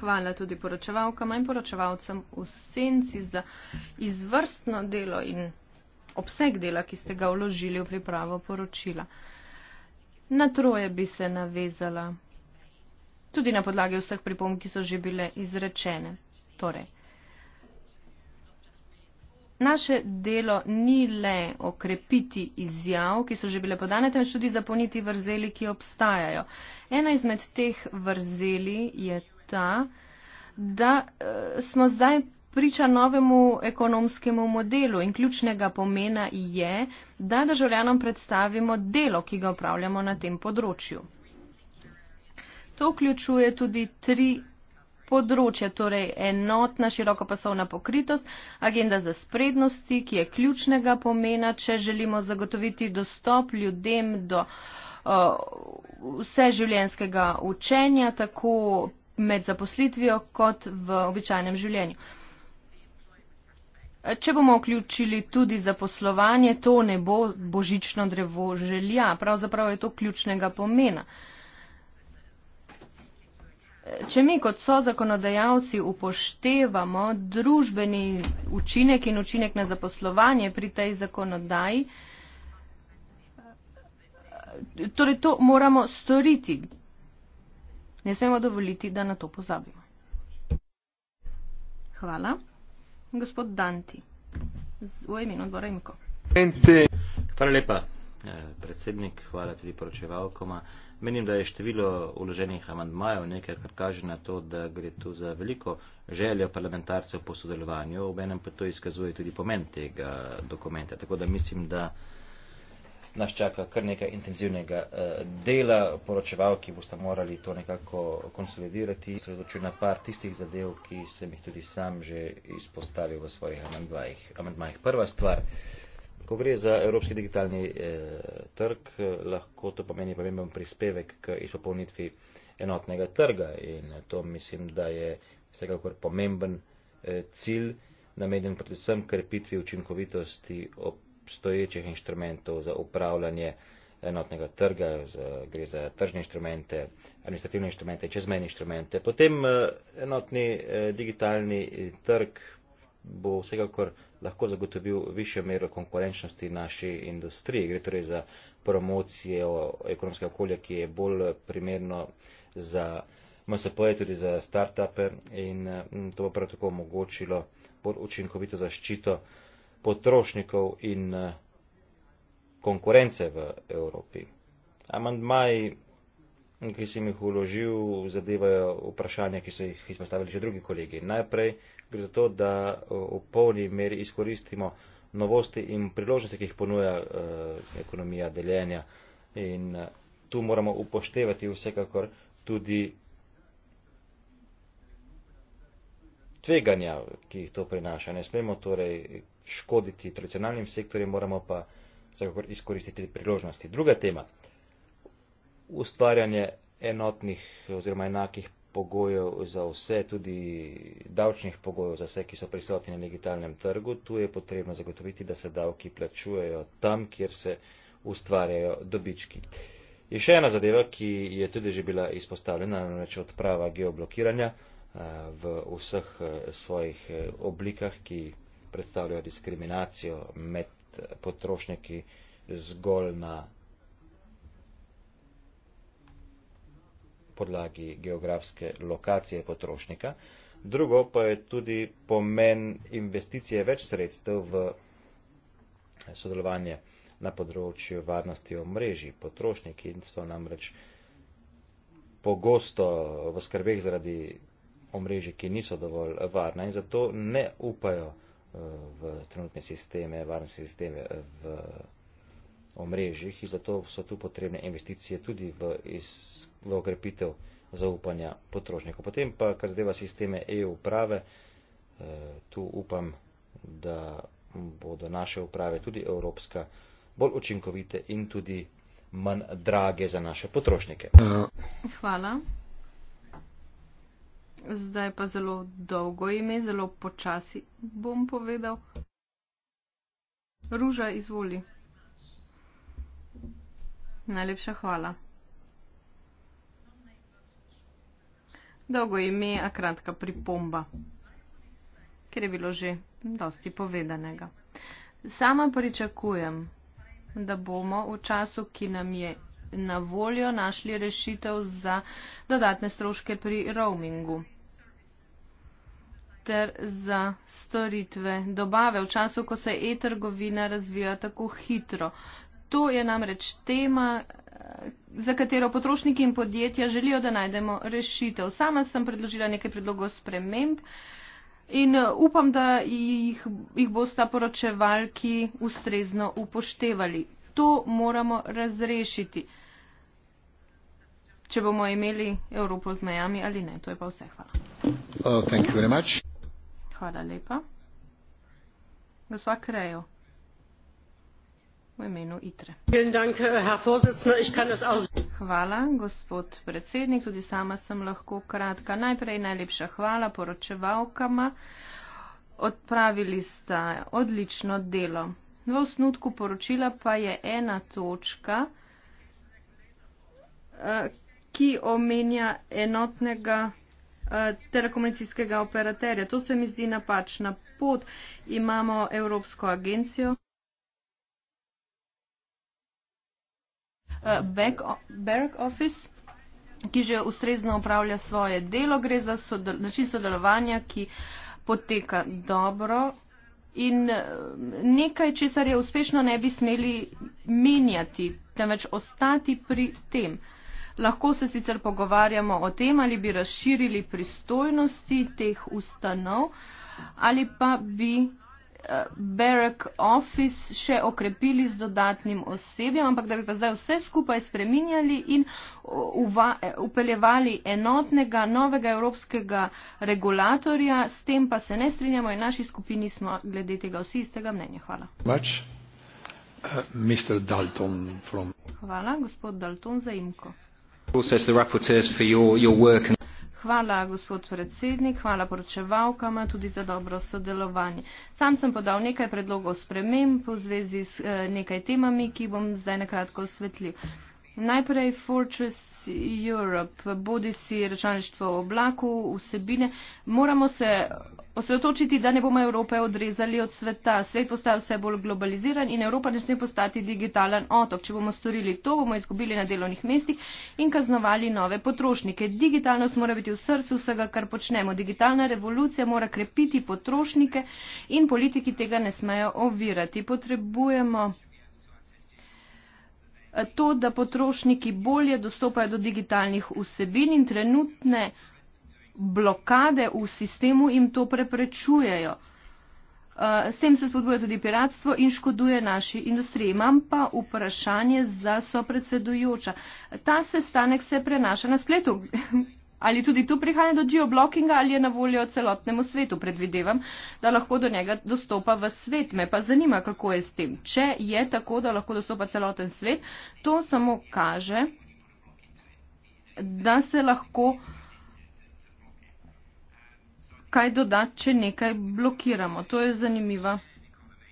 Hvala tudi poročevalkam in poročevalcem v senci za izvrstno delo in obseg dela, ki ste ga vložili v pripravo poročila. Na troje bi se navezala tudi na podlagi vseh pripomb, ki so že bile izrečene. Torej, naše delo ni le okrepiti izjav, ki so že bile podane, temveč tudi zapolniti vrzeli, ki obstajajo. Ena izmed teh vrzeli je ta, da e, smo zdaj priča novemu ekonomskemu modelu in ključnega pomena je, da državljanom predstavimo delo, ki ga upravljamo na tem področju. To vključuje tudi tri področje, torej enotna širokopasovna pokritost, agenda za sprednosti, ki je ključnega pomena, če želimo zagotoviti dostop ljudem do vse življenskega učenja, tako med zaposlitvijo kot v običajnem življenju. Če bomo vključili tudi zaposlovanje, to ne bo božično drevo želja, pravzaprav je to ključnega pomena. Če mi kot so zakonodajalci upoštevamo družbeni učinek in učinek na zaposlovanje pri tej zakonodaji, torej to moramo storiti. Ne smemo dovoliti, da na to pozabimo. Hvala. Gospod Danti, v imenu odbora Imko. Hvala lepa, eh, predsednik, hvala tudi poročevalkoma. Menim, da je število uloženih amandmajev nekaj, kar kaže na to, da gre tu za veliko željo parlamentarcev po sodelovanju, ob enem pa to izkazuje tudi pomen tega dokumenta. Tako da mislim, da nas čaka kar nekaj intenzivnega eh, dela, poročevalki boste morali to nekako konsolidirati, sredočil na par tistih zadev, ki sem jih tudi sam že izpostavil v svojih amandmajih. Prva stvar. Ko gre za evropski digitalni eh, trg, eh, lahko to pomeni pomemben prispevek k izpopolnitvi enotnega trga in to mislim, da je vsekakor pomemben eh, cilj, namenjen predvsem krepitvi učinkovitosti obstoječih inštrumentov za upravljanje enotnega trga, z, gre za tržne inštrumente, administrativne inštrumente, čezmejne inštrumente. Potem eh, enotni eh, digitalni eh, trg bo vsekakor lahko zagotovil više mero konkurenčnosti naši industriji. Gre torej za promocijo ekonomskega okolja, ki je bolj primerno za MSP-je, tudi za start-upe in mm, to bo prav tako omogočilo bolj učinkovito zaščito potrošnikov in eh, konkurence v Evropi. Amandmaji, ki sem jih uložil, zadevajo vprašanja, ki so jih izpostavili še drugi kolegi. Najprej, gre za to, da eh, v polni meri izkoristimo novosti in priložnosti, ki jih ponuja eh, ekonomija deljenja. In eh, tu moramo upoštevati vsekakor tudi tveganja, ki jih to prinaša. Ne smemo torej škoditi tradicionalnim sektorjem, moramo pa vsekakor izkoristiti priložnosti. Druga tema. Ustvarjanje enotnih oziroma enakih pogojev za vse, tudi davčnih pogojev za vse, ki so prisotni na digitalnem trgu. Tu je potrebno zagotoviti, da se davki plačujejo tam, kjer se ustvarjajo dobički. Je še ena zadeva, ki je tudi že bila izpostavljena, namreč odprava geoblokiranja eh, v vseh eh, svojih eh, oblikah, ki predstavljajo diskriminacijo med potrošniki zgolj na podlagi geografske lokacije potrošnika, drugo pa je tudi pomen investicije več sredstev v sodelovanje na področju varnosti omrežij. Potrošniki so namreč pogosto v skrbeh zaradi omrežij, ki niso dovolj varna in zato ne upajo eh, v trenutne sisteme, varnostne sisteme eh, v omrežjih in zato so tu potrebne investicije tudi v, iz, v okrepitev zaupanja potrošnikov. Potem pa, kar zadeva sisteme EU-prave, eh, tu upam, da bodo naše uprave tudi evropska bolj učinkovite in tudi manj drage za naše potrošnike. Hvala. Zdaj pa zelo dolgo ime, zelo počasi bom povedal. Ruža, izvoli. Najlepša hvala. Dolgo ime, a kratka pripomba, ker je bilo že dosti povedanega. Sama pričakujem, da bomo v času, ki nam je na voljo, našli rešitev za dodatne stroške pri roamingu ter za storitve dobave v času, ko se e-trgovina razvija tako hitro. To je namreč tema, eh, za katero potrošniki in podjetja želijo, da najdemo rešitev. Sama sem predložila nekaj predlogov sprememb in eh, upam, da jih, jih boste poročevalki ustrezno upoštevali. To moramo razrešiti, če bomo imeli Evropo z mejami ali ne. To je pa vse. Hvala. Oh, Hvala lepa. Gospa Krejo v imenu ITRE. Hvala, gospod predsednik. Tudi sama sem lahko kratka. Najprej najlepša hvala poročevalkama. Odpravili sta odlično delo. V osnutku poročila pa je ena točka, eh, ki omenja enotnega eh, telekomunikacijskega operaterja. To se mi zdi napačna pot. Imamo Evropsko agencijo. back, back office, ki že ustrezno upravlja svoje delo. Gre za sodel, način sodelovanja, ki poteka dobro in nekaj, česar je uspešno, ne bi smeli menjati, temveč ostati pri tem. Lahko se sicer pogovarjamo o tem, ali bi razširili pristojnosti teh ustanov ali pa bi Barrack Office še okrepili z dodatnim osebjem, ampak da bi pa zdaj vse skupaj spreminjali in upeljevali uh, eh, enotnega novega evropskega regulatorja, s tem pa se ne strinjamo in naši skupini smo glede tega vsi istega mnenja. Hvala. Uh, Hvala, gospod Dalton za imko. Hvala, gospod predsednik, hvala poročevalkama tudi za dobro sodelovanje. Sam sem podal nekaj predlogov spremem po zvezi s eh, nekaj temami, ki bom zdaj nekratko osvetljil. Najprej Fortress Europe, bodi si računalništvo v oblaku, vsebine. Moramo se osredotočiti, da ne bomo Evrope odrezali od sveta. Svet postaja vse bolj globaliziran in Evropa ne sme postati digitalen otok. Če bomo storili to, bomo izgubili na delovnih mestih in kaznovali nove potrošnike. Digitalnost mora biti v srcu vsega, kar počnemo. Digitalna revolucija mora krepiti potrošnike in politiki tega ne smejo ovirati. Potrebujemo to, da potrošniki bolje dostopajo do digitalnih vsebin in trenutne blokade v sistemu jim to preprečujejo. Eh, s tem se spodbuja tudi piratstvo in škoduje naši industriji. Imam pa vprašanje za sopredsedujoča. Ta sestanek se prenaša na spletu. Ali tudi tu prihaja do geoblockinga ali je na voljo celotnemu svetu? Predvidevam, da lahko do njega dostopa v svet. Me pa zanima, kako je s tem. Če je tako, da lahko dostopa celoten svet, to samo kaže, da se lahko kaj doda, če nekaj blokiramo. To je zanimiva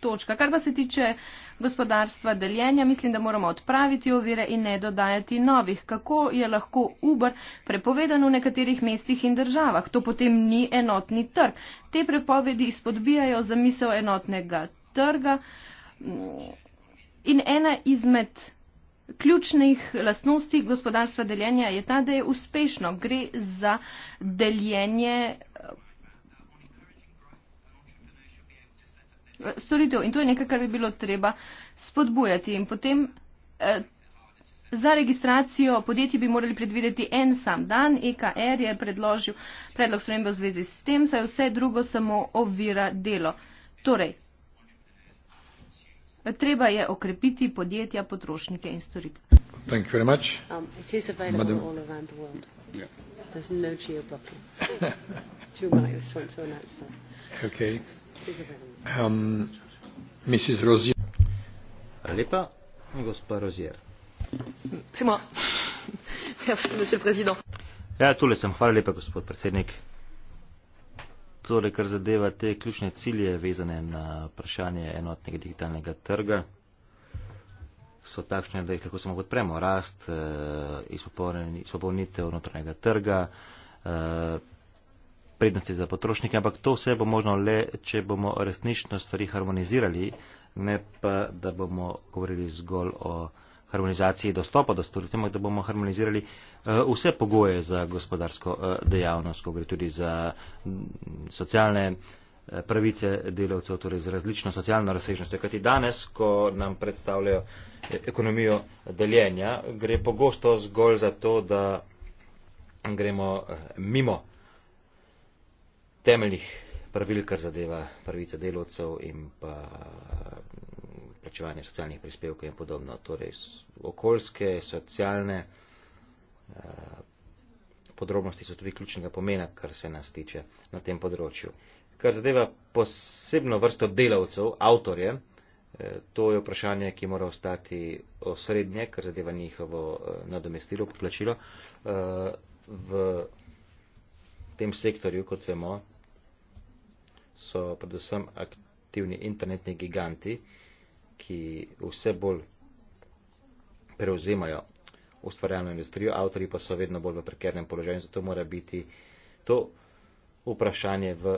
točka. Kar pa se tiče gospodarstva deljenja, mislim, da moramo odpraviti ovire in ne dodajati novih. Kako je lahko Uber prepovedan v nekaterih mestih in državah? To potem ni enotni trg. Te prepovedi spodbijajo zamisel enotnega trga. In ena izmed ključnih lastnosti gospodarstva deljenja je ta, da je uspešno. Gre za deljenje storitev. In to je nekaj, kar bi bilo treba spodbujati. In potem eh, za registracijo podjetij bi morali predvideti en sam dan. EKR je predložil predlog spremembe v zvezi s tem, saj vse drugo samo ovira delo. Torej, treba je okrepiti podjetja, potrošnike in storitev. Thank you very much. Um, it is available Madam. all around the world. Yeah. There's no geo-blocking. [laughs] Too many of us want to announce that. Okay. Um, Mrs. Rozier. Lepa, gospa Rozier. C'est moi. [laughs] Merci, monsieur le président. Ja, tule sem. Hvala lepa, gospod predsednik. Tole, kar zadeva te ključne cilje, vezane na vprašanje enotnega digitalnega trga, so takšne, da jih lahko samo podpremo. Rast, eh, izpopolnitev notranjega trga, eh, prednosti za potrošnike, ampak to vse bo možno le, če bomo resnično stvari harmonizirali, ne pa, da bomo govorili zgolj o harmonizaciji dostopa do storitev, ampak da bomo harmonizirali uh, vse pogoje za gospodarsko uh, dejavnost, ko gre tudi za mm, socialne eh, pravice delavcev, torej z različno socialno razsežnostjo. Kajti danes, ko nam predstavljajo ekonomijo deljenja, gre pogosto zgolj za to, da gremo mimo temeljnih pravil, kar zadeva pravice delovcev in pa mm, plačevanje socialnih prispevkov in podobno. Torej, okoljske, socialne eh, podrobnosti so tudi ključnega pomena, kar se nas tiče na tem področju. Kar zadeva posebno vrsto delavcev, avtorje, eh, to je vprašanje, ki mora ostati osrednje, kar zadeva njihovo eh, nadomestilo, poplačilo. V tem sektorju, kot vemo, so predvsem aktivni internetni giganti, ki vse bolj prevzemajo ustvarjalno industrijo, avtori pa so vedno bolj v prekernem položaju in zato mora biti to vprašanje v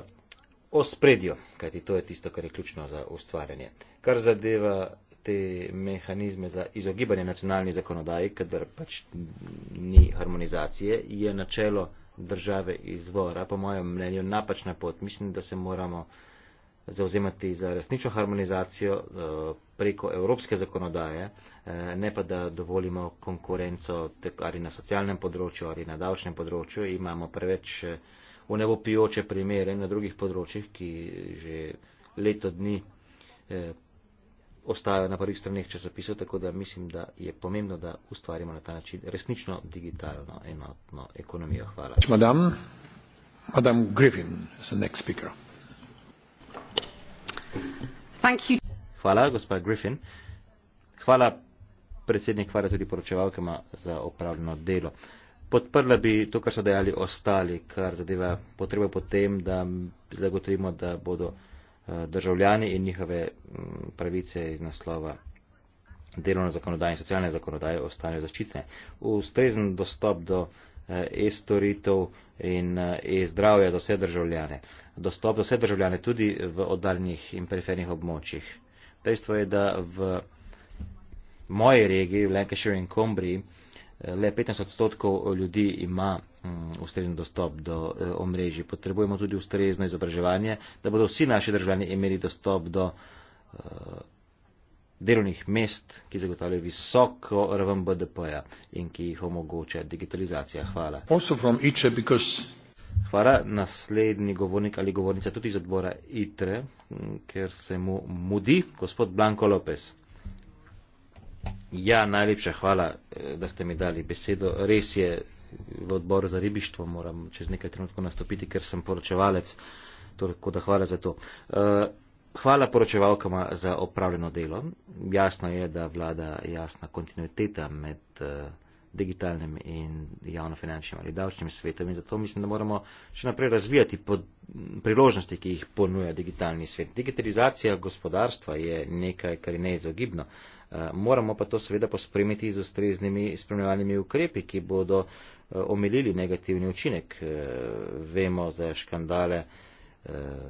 ospredju, kajti to je tisto, kar je ključno za ustvarjanje. Kar zadeva te mehanizme za izogibanje nacionalni zakonodaji, kadar pač ni harmonizacije, je načelo države izvora, po mojem mnenju, napačna pot. Mislim, da se moramo zauzemati za resnično harmonizacijo eh, preko evropske zakonodaje, eh, ne pa da dovolimo konkurenco ali na socialnem področju ali na davčnem področju. Imamo preveč unevopijoče eh, primere na drugih področjih, ki že leto dni ostajajo na prvih straneh časopisov, tako da mislim, da je pomembno, da ustvarimo na ta način resnično digitalno enotno ekonomijo. Hvala. Madam, Madam Griffin, hvala, gospod Griffin. Hvala, predsednik, hvala tudi poročevalkama za opravljeno delo. Podprla bi to, kar so dejali ostali, kar zadeva potrebo potem, da zagotovimo, da bodo. Eh, državljani in njihove mm, pravice iz naslova delovne zakonodaje in socialne zakonodaje ostanejo zaščitene. Ustrezen dostop do eh, e-storitev in eh, e-zdravja do vse državljane. Dostop do vse državljane tudi v oddaljnih in perifernih območjih. Dejstvo je, da v moji regiji, v Lancashire in Combrii, le petnajst odstotkov ljudi ima mm, ustrezen dostop do eh, omrežij. Potrebujemo tudi ustrezno izobraževanje, da bodo vsi naši državljani imeli dostop do eh, delovnih mest, ki zagotavljajo visoko raven BDP-ja in ki jih omogoča digitalizacija. Hvala. Hvala, naslednji govornik ali govornica tudi iz odbora ITRE, ker se mu mudi, gospod Blanko Lopez. Ja, najlepša hvala, eh, da ste mi dali besedo. Res je, v odboru za ribištvo moram čez nekaj trenutkov nastopiti, ker sem poročevalec, torej, tako da hvala za to. Eh, hvala poročevalkama za opravljeno delo. Jasno je, da vlada jasna kontinuiteta med eh, digitalnim in javnofinančnim ali davčnim svetom in zato mislim, da moramo še naprej razvijati priložnosti, ki jih ponuja digitalni svet. Digitalizacija gospodarstva je nekaj, kar je neizogibno. Eh, moramo pa to seveda pospremiti z ustreznimi spremljevalnimi ukrepi, ki bodo eh, omilili negativni učinek. Eh, vemo za škandale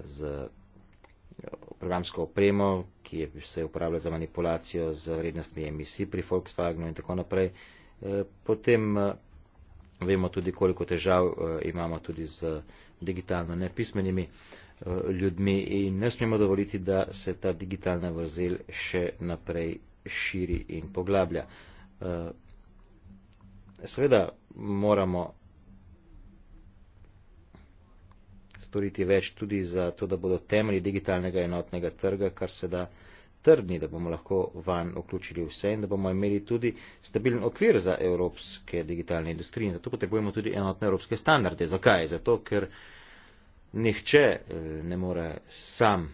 z programsko opremo, ki je se uporabljala za manipulacijo z vrednostmi emisij pri Volkswagenu in tako naprej. Potem vemo tudi, koliko težav imamo tudi z digitalno nepismenimi ljudmi in ne smemo dovoliti, da se ta digitalna vrzel še naprej širi in poglablja. Eh, seveda moramo storiti več tudi za to, da bodo temelji digitalnega enotnega trga, kar se da trdni, da bomo lahko van vključili vse in da bomo imeli tudi stabilen okvir za evropske digitalne industrije. Zato potrebujemo tudi enotne evropske standarde. Zakaj? Zato, ker nihče eh, ne more sam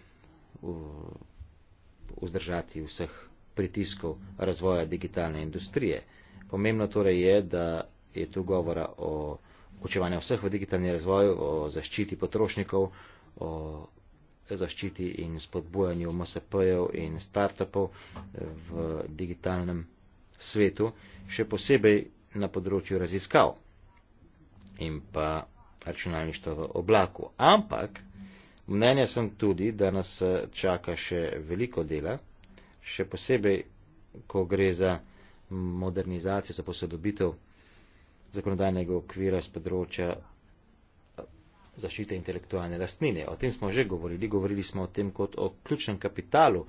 vzdržati vseh pritiskov razvoja digitalne industrije. Pomembno torej je, da je tu govora o vključevanju vseh v digitalni razvoj, o zaščiti potrošnikov, o zaščiti in spodbujanju MSP-jev in startupov v digitalnem svetu, še posebej na področju raziskav in pa računalništva v oblaku. Ampak mnenja sem tudi, da nas eh, čaka še veliko dela še posebej, ko gre za modernizacijo, za posodobitev zakonodajnega okvira z področja eh, zaščite intelektualne lastnine. O tem smo že govorili, govorili smo o tem kot o ključnem kapitalu,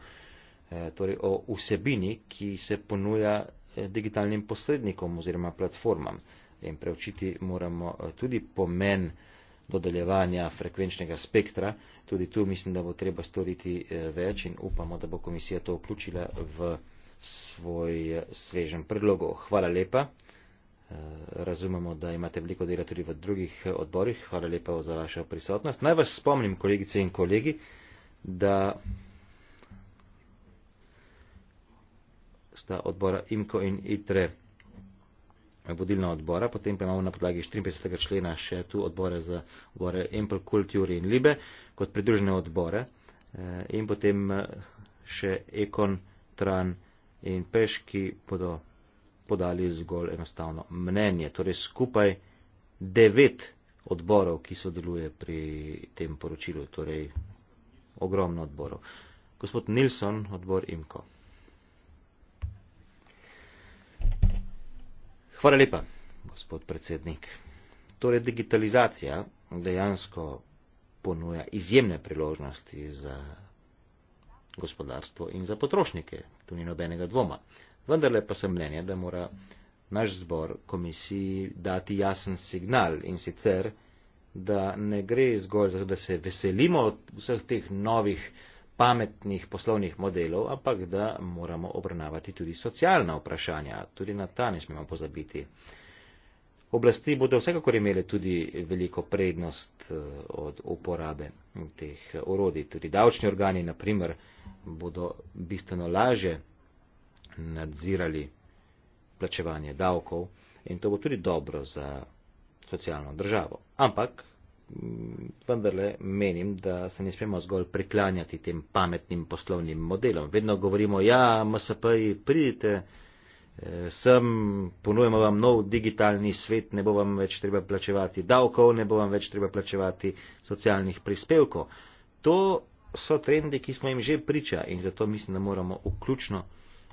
eh, torej o vsebini, ki se ponuja eh, digitalnim posrednikom oziroma platformam. In preučiti moramo tudi pomen eh, dodeljevanja frekvenčnega spektra. Tudi tu mislim, da bo treba storiti eh, več in upamo, da bo komisija to vključila v svoj eh, svežen predlog. Hvala lepa. Eh, razumemo, da imate veliko dela tudi v drugih odborih. Hvala lepa za vašo prisotnost. Naj vas spomnim, kolegice in kolegi, da sta odbora IMCO in ITRE. Eh, vodilna odbora, potem pa imamo na podlagi 54. člena še tu odbore za gore Ample, Culture in Libe kot pridružene odbore eh, in potem eh, še Ekon, Tran in Peš, ki bodo podali zgolj enostavno mnenje. Torej skupaj devet odborov, ki sodeluje pri tem poročilu, torej ogromno odborov. Gospod Nilsson, odbor IMKO. Hvala lepa, gospod predsednik. Torej, digitalizacija dejansko ponuja izjemne priložnosti za gospodarstvo in za potrošnike. Tu ni nobenega dvoma. Vendar pa sem mnenja, da mora naš zbor komisiji dati jasen signal in sicer, da ne gre zgolj, da se veselimo vseh teh novih uh, pametnih poslovnih modelov, ampak da moramo obravnavati tudi socialna vprašanja. Tudi na ta ne smemo pozabiti. Oblasti bodo vsekakor imele tudi veliko prednost eh, od uporabe teh orodij. Tudi davčni organi, na primer, bodo bistveno laže nadzirali plačevanje davkov in to bo tudi dobro za socialno državo. Ampak vendarle menim, da se ne smemo zgolj priklanjati tem pametnim poslovnim modelom. Vedno govorimo, ja, MSP-ji pridite eh, sem, ponujemo vam nov digitalni svet, ne bo vam več treba plačevati davkov, ne bo vam več treba plačevati socialnih prispevkov. To so trendi, ki smo jim že priča in zato mislim, da moramo vključno,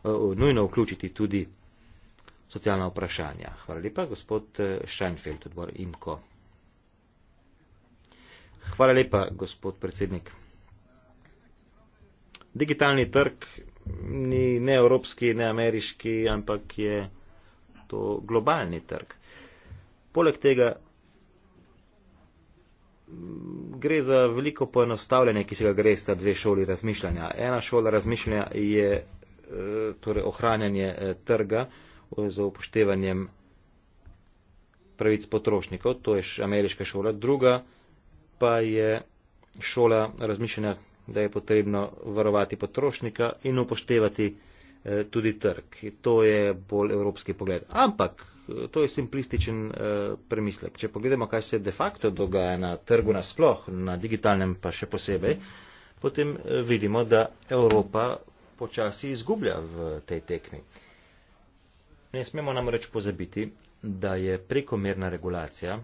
eh, nujno vključiti tudi socialna vprašanja. Hvala lepa, gospod eh, Scheinfeld, odbor IMKO. Hvala lepa, gospod predsednik. Digitalni trg ni ne evropski, ne ameriški, ampak je to globalni trg. Poleg tega mm, gre za veliko poenostavljanje, ki se ga gre sta dve šoli razmišljanja. Ena šola razmišljanja je eh, torej ohranjanje eh, trga eh, za upoštevanjem pravic potrošnikov, to je ameriška šola, druga pa je šola razmišljena, da je potrebno varovati potrošnika in upoštevati eh, tudi trg. To je bolj evropski pogled. Ampak eh, to je simplističen eh, premislek. Če pogledamo, kaj se de facto dogaja na trgu nasploh, na digitalnem pa še posebej, potem vidimo, da Evropa počasi izgublja v tej tekmi. Ne smemo namreč pozabiti, da je prekomerna regulacija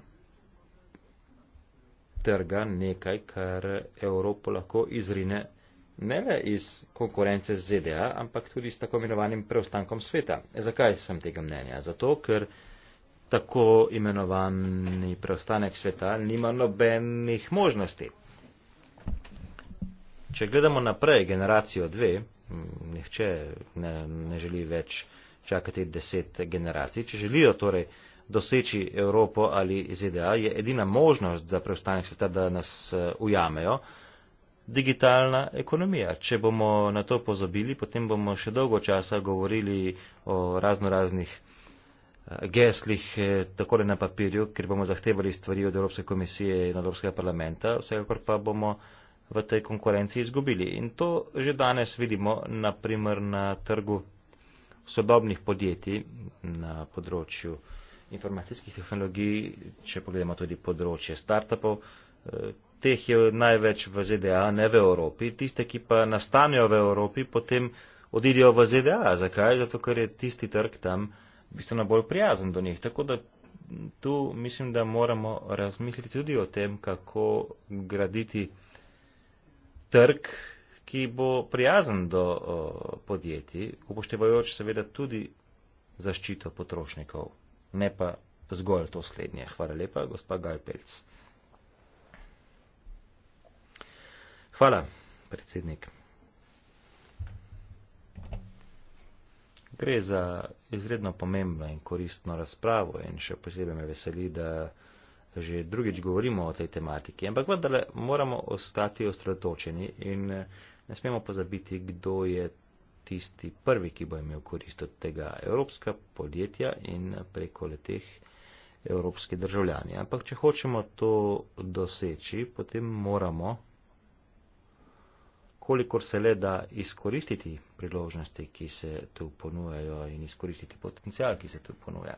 trga nekaj, kar Evropo lahko izrine ne le iz konkurence ZDA, ampak tudi s tako imenovanim preostankom sveta. E, zakaj sem tega mnenja? Zato, ker tako imenovani preostanek sveta nima nobenih možnosti. Če gledamo naprej generacijo dve, nihče ne, ne želi več čakati deset generacij. Če želijo torej doseči Evropo ali ZDA, je edina možnost za preostanek sveta, da nas eh, ujamejo, digitalna ekonomija. Če bomo na to pozabili, potem bomo še dolgo časa govorili o raznoraznih eh, geslih, eh, takole na papirju, ker bomo zahtevali stvari od Evropske komisije in Evropskega parlamenta, vsekakor pa bomo v tej konkurenciji izgubili. In to že danes vidimo, naprimer, na trgu sodobnih podjetij na področju informacijskih tehnologij, če pogledamo tudi področje startupov, eh, teh je največ v ZDA, ne v Evropi. Tiste, ki pa nastanejo v Evropi, potem odidijo v ZDA. Zakaj? Zato, ker je tisti trg tam bistveno bolj prijazen do njih. Tako da tu mislim, da moramo razmisliti tudi o tem, kako graditi trg, ki bo prijazen do eh, podjetij, upoštevajoč seveda tudi zaščito potrošnikov ne pa zgolj to slednje. Hvala lepa, gospa Galpelc. Hvala, predsednik. Gre za izredno pomembno in koristno razpravo in še posebej me veseli, da že drugič govorimo o tej tematiki. Ampak vendar moramo ostati osredotočeni in ne smemo pozabiti, kdo je tisti prvi, ki bo imel korist od tega evropska podjetja in preko leteh evropski državljani. Ampak, če hočemo to doseči, potem moramo, kolikor se le da, izkoristiti priložnosti, ki se tu ponujajo in izkoristiti potencial, ki se tu ponuja.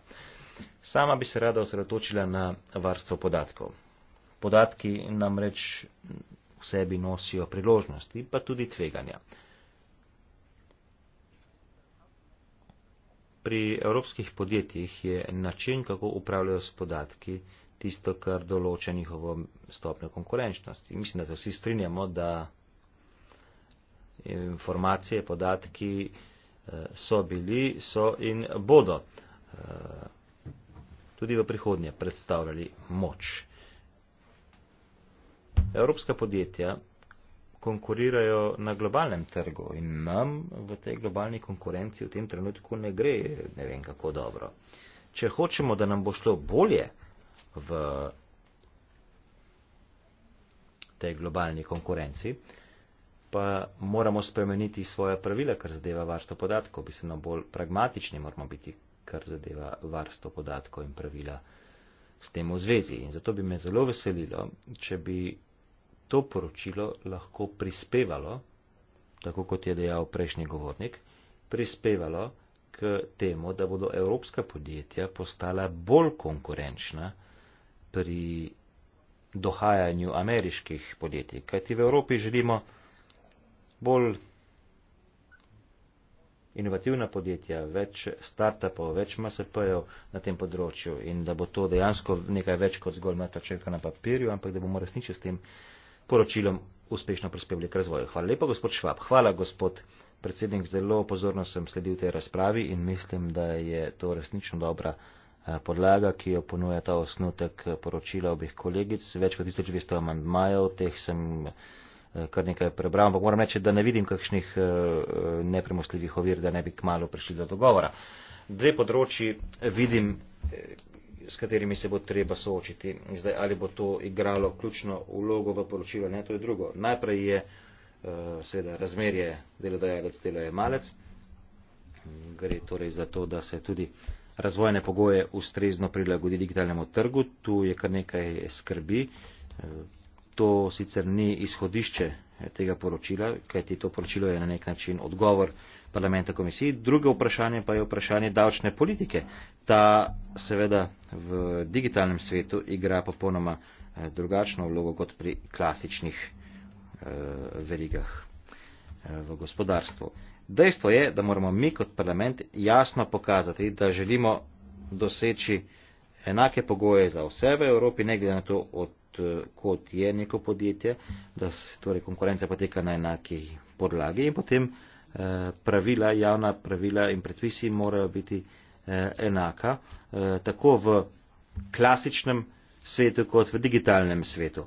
Sama bi se rada osredotočila na varstvo podatkov. Podatki namreč v sebi nosijo priložnosti, pa tudi tveganja. Pri evropskih podjetjih je način, kako upravljajo s podatki, tisto, kar določa njihovo stopnjo konkurenčnosti. Mislim, da se vsi strinjamo, da informacije, podatki eh, so bili, so in bodo eh, tudi v prihodnje predstavljali moč. Evropska podjetja konkurirajo na globalnem trgu in nam v tej globalni konkurenci v tem trenutku ne gre ne vem kako dobro. Če hočemo, da nam bo šlo bolje v tej globalni konkurenci, pa moramo spremeniti svoje pravile, kar zadeva varstvo podatkov, bi se nam bolj pragmatični moramo biti, kar zadeva varstvo podatkov in pravila s tem v zvezi. In zato bi me zelo veselilo, če bi to poročilo lahko prispevalo, tako kot je dejal prejšnji govornik, prispevalo k temu, da bodo evropska podjetja postala bolj konkurenčna pri dohajanju ameriških podjetij. Kajti v Evropi želimo bolj inovativna podjetja, več startupov, več MSP-jev na tem področju in da bo to dejansko nekaj več kot zgolj mrtva črka na papirju, ampak da bomo resnično s tem poročilom uspešno prispevali k razvoju. Hvala lepa, gospod Švab. Hvala, gospod predsednik. Zelo pozorno sem sledil tej razpravi in mislim, da je to resnično dobra eh, podlaga, ki jo ponuja ta osnutek eh, poročila obih kolegic. Več kot 1200 amandmajev, teh sem eh, kar nekaj prebral, ampak moram reči, da ne vidim kakšnih nepremostljivih ovir, da ne bi kmalo prišli do dogovora. Dve področji vidim s katerimi se bo treba soočiti. Zdaj, ali bo to igralo ključno vlogo v poročilu, ne, to je drugo. Najprej je eh, seveda razmerje delodajalec delojemalec. Gre torej za to, da se tudi razvojne pogoje ustrezno prilagodi digitalnemu trgu. Tu je kar nekaj skrbi. Eh, to sicer ni izhodišče tega poročila, kajti to poročilo je na nek način odgovor parlamenta komisiji. Drugo vprašanje pa je vprašanje davčne politike. Ta seveda v digitalnem svetu igra popolnoma eh, drugačno vlogo kot pri klasičnih eh, verigah eh, v gospodarstvu. Dejstvo je, da moramo mi kot parlament jasno pokazati, da želimo doseči enake pogoje za vse v Evropi, ne glede na to, odkot je neko podjetje, da se torej konkurenca poteka na enaki podlagi in potem Eh, pravila, javna pravila in predpisi morajo biti eh, enaka, eh, tako v klasičnem svetu kot v digitalnem svetu.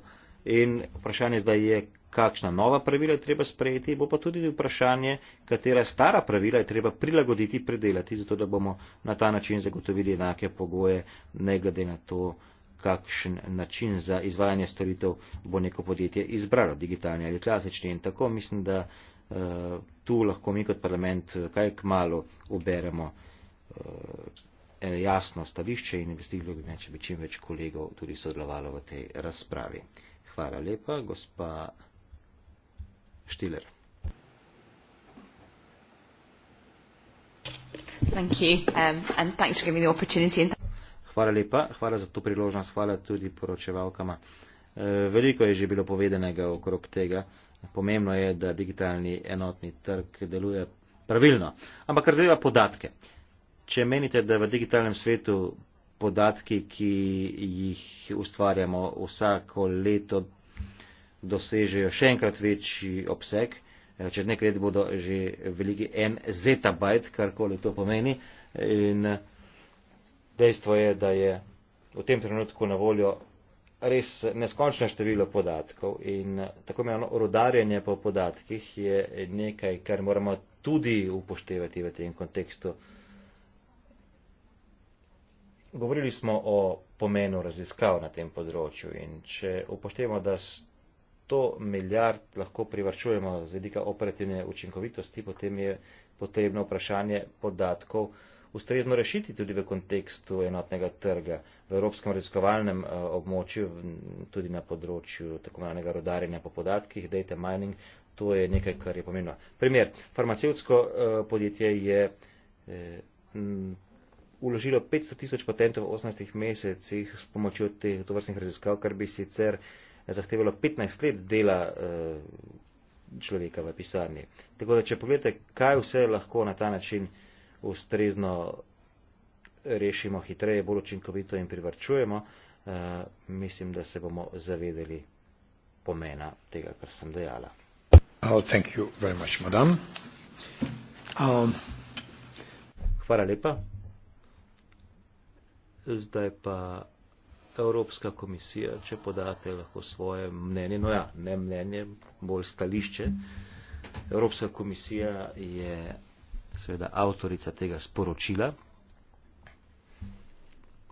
In vprašanje zdaj je, kakšna nova pravila je treba sprejeti, bo pa tudi vprašanje, katera stara pravila je treba prilagoditi, predelati, zato da bomo na ta način zagotovili enake pogoje, ne glede na to, kakšen način za izvajanje storitev bo neko podjetje izbralo, digitalni ali klasični. In tako mislim, da uh, Eh, tu lahko mi kot parlament eh, kaj k malu uberemo eh, jasno stališče in investiglo bi me, če bi čim več kolegov tudi sodelovalo v tej razpravi. Hvala lepa, gospa Štiler. Thank you, um, and thanks for giving the opportunity. Hvala lepa, hvala za to priložnost, hvala tudi poročevalkama. Veliko je že bilo povedanega okrog tega. Pomembno je, da digitalni enotni trg deluje pravilno. Ampak kar zadeva podatke. Če menite, da v digitalnem svetu podatki, ki jih ustvarjamo vsako leto, dosežejo še enkrat večji obseg, čez nekaj let bodo že veliki en zetabajt, karkoli to pomeni. In dejstvo je, da je v tem trenutku na voljo res neskončno število podatkov in tako imeno rodarjenje po podatkih je nekaj, kar moramo tudi upoštevati v tem kontekstu. Govorili smo o pomenu raziskav na tem področju in če upoštevamo, da 100 milijard lahko privrčujemo z vedika operativne učinkovitosti, potem je potrebno vprašanje podatkov, ustrezno rešiti tudi v kontekstu enotnega trga v evropskem raziskovalnem eh, območju, tudi na področju tako imenovanega rodarjenja po podatkih, data mining, to je nekaj, kar je pomembno. Primer, farmacevtsko eh, podjetje je uložilo eh, 500 tisoč patentov v 18 mesecih s pomočjo teh tovrstnih raziskav, kar bi sicer zahtevalo 15 let dela človeka v pisarni. Tako da, če pogledate, kaj vse lahko na ta način ustrezno rešimo hitreje, bolj učinkovito in privrčujemo, eh, mislim, da se bomo zavedeli pomena tega, kar sem dejala. Oh, much, um. Hvala lepa. Zdaj pa Evropska komisija, če podate lahko svoje mnenje, no ja, ne mnenje, bolj stališče. Evropska komisija je seveda avtorica tega sporočila,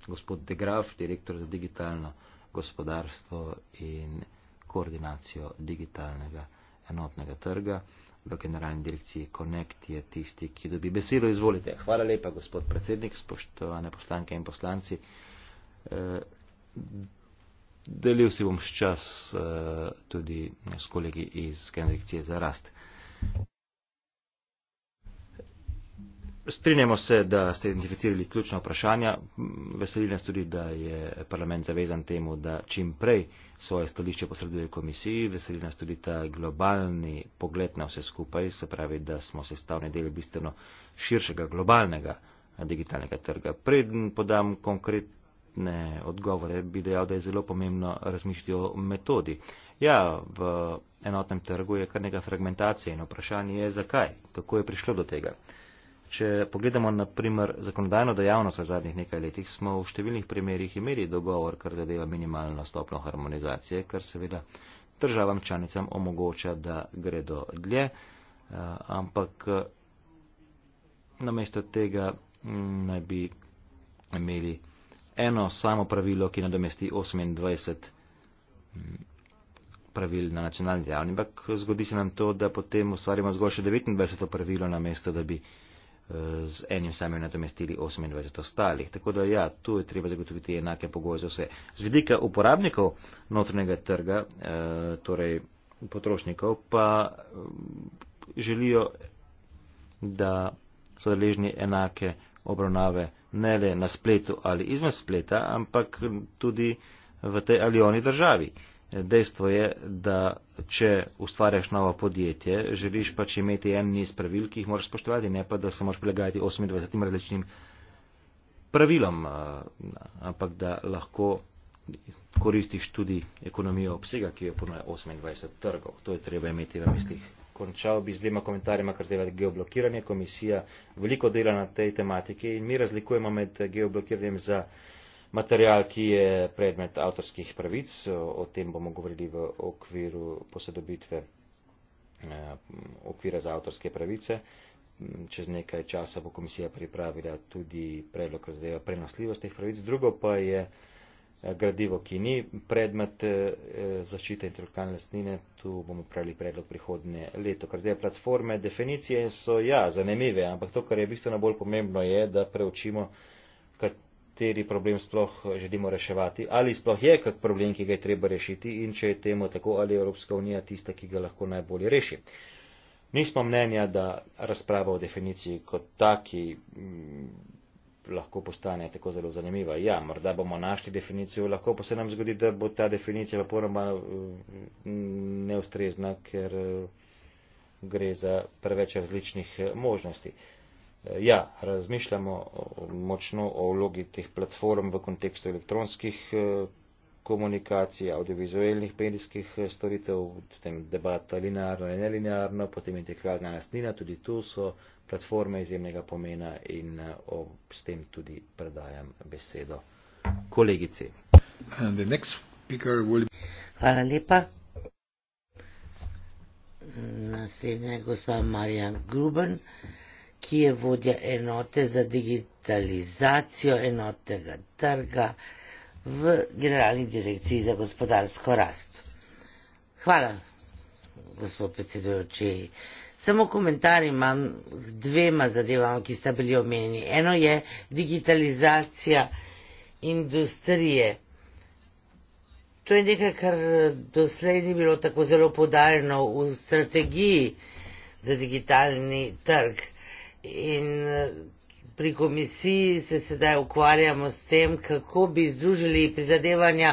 gospod De Graf, direktor za digitalno gospodarstvo in koordinacijo digitalnega enotnega trga v generalni direkciji Connect je tisti, ki dobi besedo. Izvolite. Hvala lepa, gospod predsednik, spoštovane poslanke in poslanci. Eh, delil si bom s čas eh, tudi s kolegi iz generalne direkcije za rast. Strinjamo se, da ste identificirali ključna vprašanja. Veseli nas tudi, da je parlament zavezan temu, da čim prej svoje stališče posreduje komisiji. Veseli nas tudi ta globalni pogled na vse skupaj, se pravi, da smo sestavni del bistveno širšega globalnega digitalnega trga. Preden podam konkretne odgovore, bi dejal, da je zelo pomembno razmišljati o metodi. Ja, v enotnem trgu je kar nekaj fragmentacije in vprašanje je, zakaj, kako je prišlo do tega. Če pogledamo na primer zakonodajno dejavnost v zadnjih nekaj letih, smo v številnih primerjih imeli dogovor, kar zadeva minimalno stopno harmonizacije, kar seveda državam članicam omogoča, da gredo dlje, eh, ampak eh, namesto tega mm, naj bi imeli eno samo pravilo, ki nadomesti 28 mm, pravil na nacionalni ravni, ampak zgodi se nam to, da potem ustvarimo zgolj še 29 pravilo namesto, da bi z enim samim nadomestili 28 ostalih. Tako da ja, tu je treba zagotoviti enake pogoje za vse. Z vidika uporabnikov notrnega trga, eh, torej potrošnikov, pa eh, želijo, da so deležni enake obravnave ne le na spletu ali izven spleta, ampak tudi v tej ali oni državi. Uh, Dejstvo je, da če ustvarjaš novo podjetje, želiš pač imeti en niz pravil, ki jih moraš spoštovati, ne pa da se moraš prilagajati 28 različnim pravilom, eh, ampak da lahko koristiš tudi ekonomijo obsega, ki jo ponuja 28 trgov. To je treba imeti v mislih. Končal bi z dvema komentarjema, kar zdaj geoblokiranje. Komisija veliko dela na tej tematiki in mi razlikujemo med geoblokiranjem za material, ki je predmet avtorskih pravic. O tem bomo govorili v okviru posodobitve eh, okvira za avtorske pravice. Čez nekaj časa bo komisija pripravila tudi predlog razdeva prenosljivost teh pravic. Drugo pa je eh, gradivo, ki ni predmet eh, zaščite intelektualne lastnine. Tu bomo pravili predlog prihodne leto. Kar zdaj platforme, definicije so ja, zanimive, ampak to, kar je bistveno bolj pomembno, je, da preučimo, kateri problem sploh eh, želimo reševati, ali sploh je kak problem, ki ga je treba rešiti in če je temu tako, ali je Evropska unija tista, ki ga lahko najbolje reši. Nismo mnenja, da razprava o definiciji kot taki mm, lahko postane tako zelo zanimiva. Ja, morda bomo našli definicijo, lahko pa se nam zgodi, da bo ta definicija poroma mm, neustrezna, ker eh, gre za preveč različnih eh, možnosti. Eh, ja, razmišljamo močno o vlogi teh platform v kontekstu elektronskih eh, komunikacij, audiovizualnih medijskih eh, storitev, potem debata linearno in nelinearno, potem integralna lastnina, tudi tu so platforme izjemnega pomena in s tem tudi predajam besedo kolegici. And the next speaker will be... Hvala lepa. Naslednja je gospa Marija Gruben ki je vodja enote za digitalizacijo enotnega trga v Generalni direkciji za gospodarsko rast. Hvala, gospod predsedujoči. Samo komentar imam k dvema zadevama, ki sta bili omenjeni. Eno je digitalizacija industrije. To je nekaj, kar doslej ni bilo tako zelo podarjeno v strategiji za digitalni trg. In eh, pri komisiji se sedaj ukvarjamo s tem, kako bi združili prizadevanja,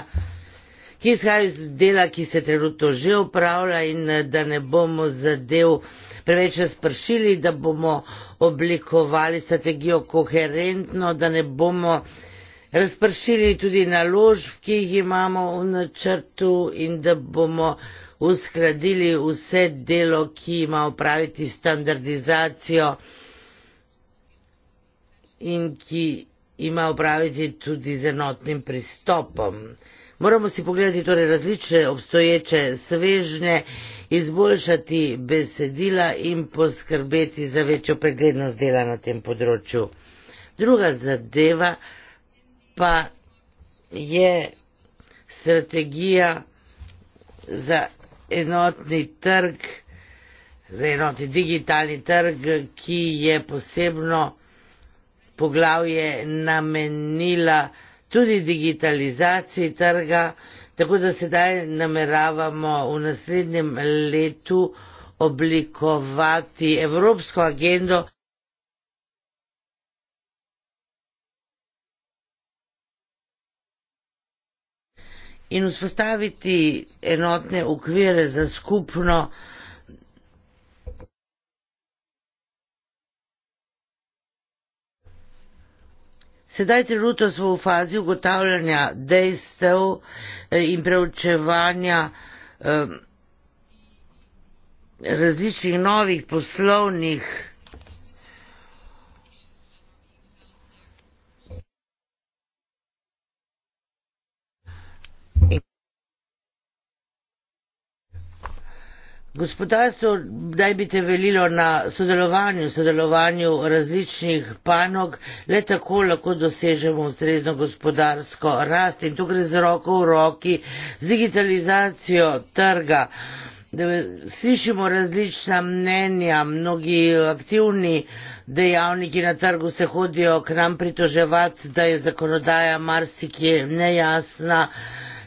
ki izhajajo iz dela, ki se trenutno že upravlja in eh, da ne bomo zadev preveč razpršili, da bomo oblikovali strategijo koherentno, da ne bomo razpršili tudi naložb, ki jih imamo v načrtu in da bomo uskladili vse delo, ki ima upraviti standardizacijo in ki ima upraviti tudi z enotnim pristopom. Moramo si pogledati torej različne obstoječe svežnje, izboljšati besedila in poskrbeti za večjo preglednost dela na tem področju. Druga zadeva pa je strategija za enotni trg, za enotni digitalni trg, ki je posebno poglavje namenila tudi digitalizaciji trga, tako da sedaj nameravamo v naslednjem letu oblikovati evropsko agendo. In vzpostaviti enotne ukvire za skupno Sedaj trenutno smo v fazi ugotavljanja dejstev eh, in preučevanja eh, različnih novih poslovnih in Gospodarstvo naj bi temeljilo na sodelovanju, sodelovanju različnih panog, le tako lahko dosežemo ustrezno gospodarsko rast in to gre z roko v roki, z digitalizacijo trga. Slišimo različna mnenja, mnogi aktivni dejavniki na trgu se hodijo k nam pritoževati, da je zakonodaja marsikje nejasna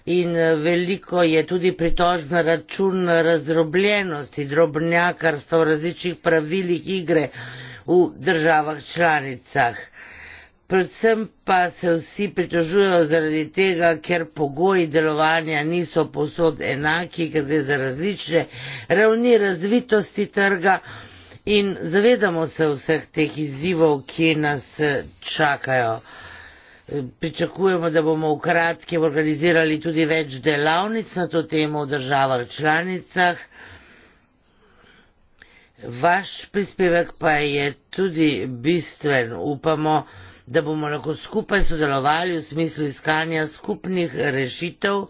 in eh, veliko je tudi pritožb na račun eh, razdrobljenosti drobnjakarstva v različnih pravilih igre v državah članicah. Predvsem pa se vsi pritožujejo zaradi tega, ker pogoji delovanja niso posod enaki, ker gre za različne ravni razvitosti trga in zavedamo se vseh teh izzivov, ki nas eh, čakajo. Pričakujemo, da bomo v kratkem organizirali tudi več delavnic na to temo v državah članicah. Vaš prispevek pa je tudi bistven. Upamo, da bomo lahko skupaj sodelovali v smislu iskanja skupnih rešitev,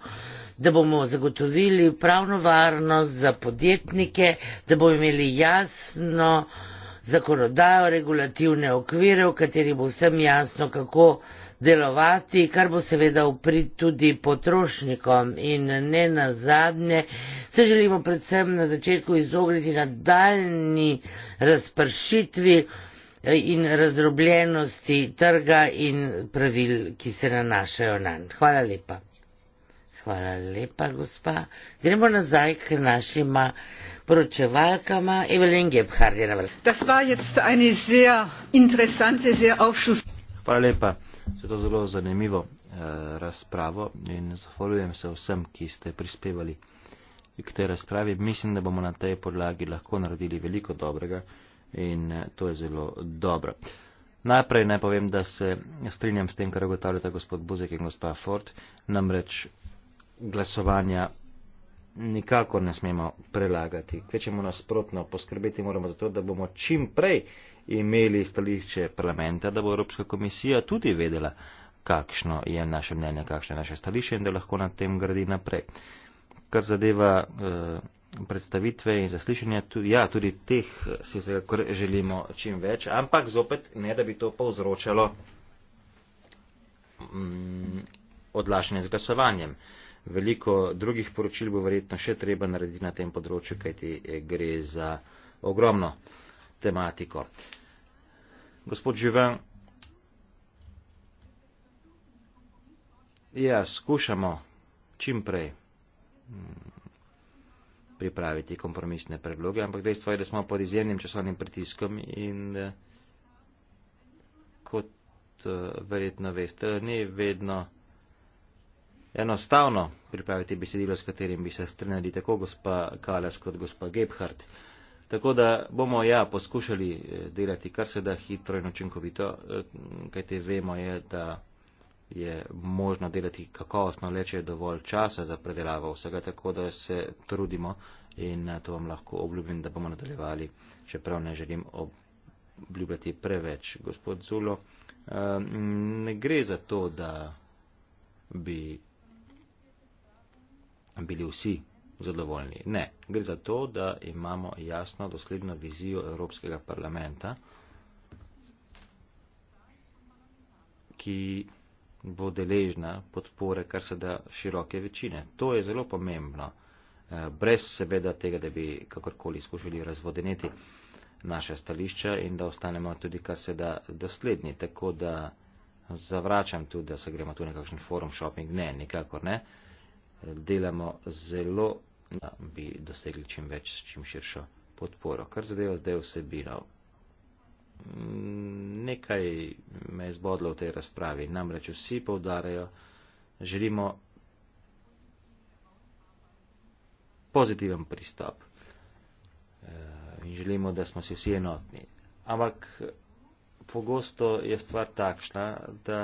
da bomo zagotovili pravno varnost za podjetnike, da bomo imeli jasno zakonodajo, regulativne okvire, v kateri bo vsem jasno, kako delovati, kar bo seveda uprit tudi potrošnikom in ne na zadnje. Se želimo predvsem na začetku izogniti nadaljni razpršitvi eh, in razdrobljenosti trga in pravil, ki se nanašajo na nj. Hvala lepa. Hvala lepa, gospa. Gremo nazaj k našima poročevalkama. Evelyn Gebhard je na vrsti. Hvala lepa zelo, zelo zanimivo eh, razpravo in zahvaljujem se vsem, ki ste prispevali k tej razpravi. Mislim, da bomo na tej podlagi lahko naredili veliko dobrega in eh, to je zelo dobro. Najprej naj povem, da se strinjam s tem, kar ugotavljata gospod Buzek in gospod Ford, namreč glasovanja nikakor ne smemo prelagati. Kvečemo nasprotno, poskrbeti moramo za to, da bomo čim prej imeli stališče parlamenta, da bo Evropska komisija tudi vedela, kakšno je naše mnenje, kakšno je naše stališče in da lahko na tem gradi naprej. Kar zadeva eh, predstavitve in zaslišanja, tudi, ja, tudi teh eh, si vsekakor želimo čim več, ampak zopet ne, da bi to povzročalo mm, odlašanje z glasovanjem. Uh, veliko drugih poročil bo verjetno še treba narediti na tem področju, kajti eh, gre za ogromno tematiko. Gospod Živan, ja, skušamo čim prej mm, pripraviti kompromisne predloge, ampak dejstvo je, da smo pod izjemnim časovnim pritiskom in eh, kot eh, verjetno veste, ni vedno enostavno pripraviti besedilo, s katerim bi se strinjali tako gospa Kalas kot gospa Gebhardt. Tako da bomo ja poskušali eh, delati kar se da hitro in učinkovito, eh, kajte vemo je, da je možno delati kakovostno leče dovolj časa za predelavo vsega, tako da se trudimo in eh, to vam lahko obljubim, da bomo nadaljevali, čeprav ne želim obljubljati preveč. Gospod Zulo, ne gre za to, da bi bili vsi zadovoljni. Ne, gre za to, da imamo jasno dosledno vizijo Evropskega parlamenta, ki bo deležna podpore kar se da široke večine. To je zelo pomembno, eh, brez seveda tega, da bi kakorkoli skušali razvodeneti naše stališča in da ostanemo tudi kar se da doslednji. Tako da zavračam tudi, da se gremo tu nekakšen forum shopping. Ne, nikakor ne. Uh, delamo zelo, da bi dosegli čim več, čim širšo podporo. Kar zadeva zdaj vsebino. Mm, nekaj me je zbodlo v tej razpravi, namreč vsi povdarajo, želimo pozitiven pristop eh, in želimo, da smo si vsi enotni. Ampak pogosto je stvar takšna, da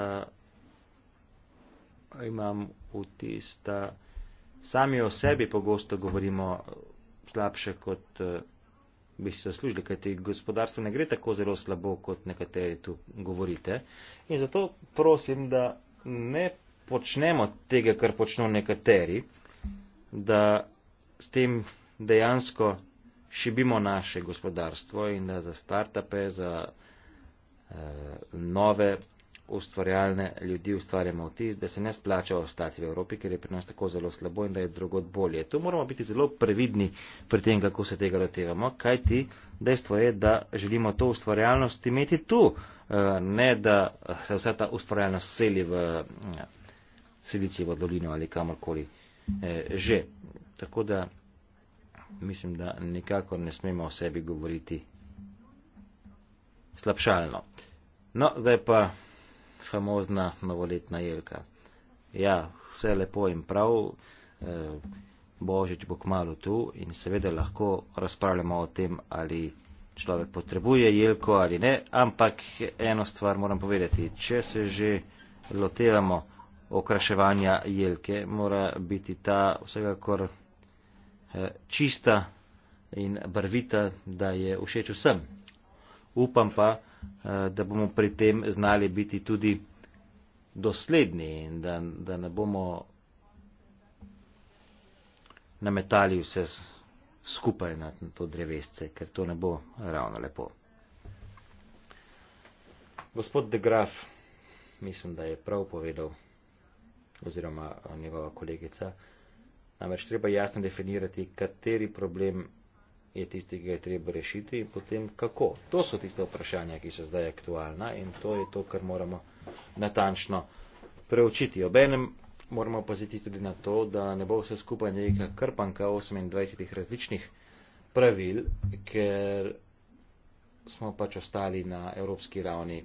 imam vtis, da sami o sebi pogosto govorimo slabše, kot eh, bi si zaslužili, kajti gospodarstvo ne gre tako zelo slabo, kot nekateri tu govorite. In zato prosim, da ne počnemo tega, kar počnejo nekateri, da s tem dejansko šibimo naše gospodarstvo in da za startupe, za eh, nove ustvarjalne ljudi ustvarjamo vtis, da se ne splača ostati v Evropi, ker je pri nas tako zelo slabo in da je drugod bolje. Tu moramo biti zelo previdni pri tem, kako se tega lotevamo, kaj ti dejstvo je, da želimo to ustvarjalnost imeti tu, eh, ne da se vsa ta ustvarjalnost seli v eh, Silicijevo dolino ali kamorkoli eh, že. Tako da mislim, da nikakor ne smemo o sebi govoriti slabšalno. No, zdaj pa famozna novoletna jelka. Ja, vse lepo in prav, eh, Božič bo kmalo tu in seveda lahko razpravljamo o tem, ali človek potrebuje jelko ali ne, ampak eno stvar moram povedati, če se že lotevamo okraševanja jelke, mora biti ta vsekakor eh, čista in barvita, da je všeč vsem. Upam pa, Eh, da bomo pri tem znali biti tudi dosledni in da, da ne bomo nametali vse skupaj na to drevesce, ker to ne bo ravno lepo. Gospod De Graf, mislim, da je prav povedal, oziroma njegova kolegica, namreč treba jasno definirati, kateri problem je tisti, ki ga je treba rešiti in potem kako. To so tiste vprašanja, ki so zdaj aktualna in to je to, kar moramo natančno preučiti. Obenem moramo paziti tudi na to, da ne bo vse skupaj neka krpanka 28 različnih pravil, ker smo pač ostali na evropski ravni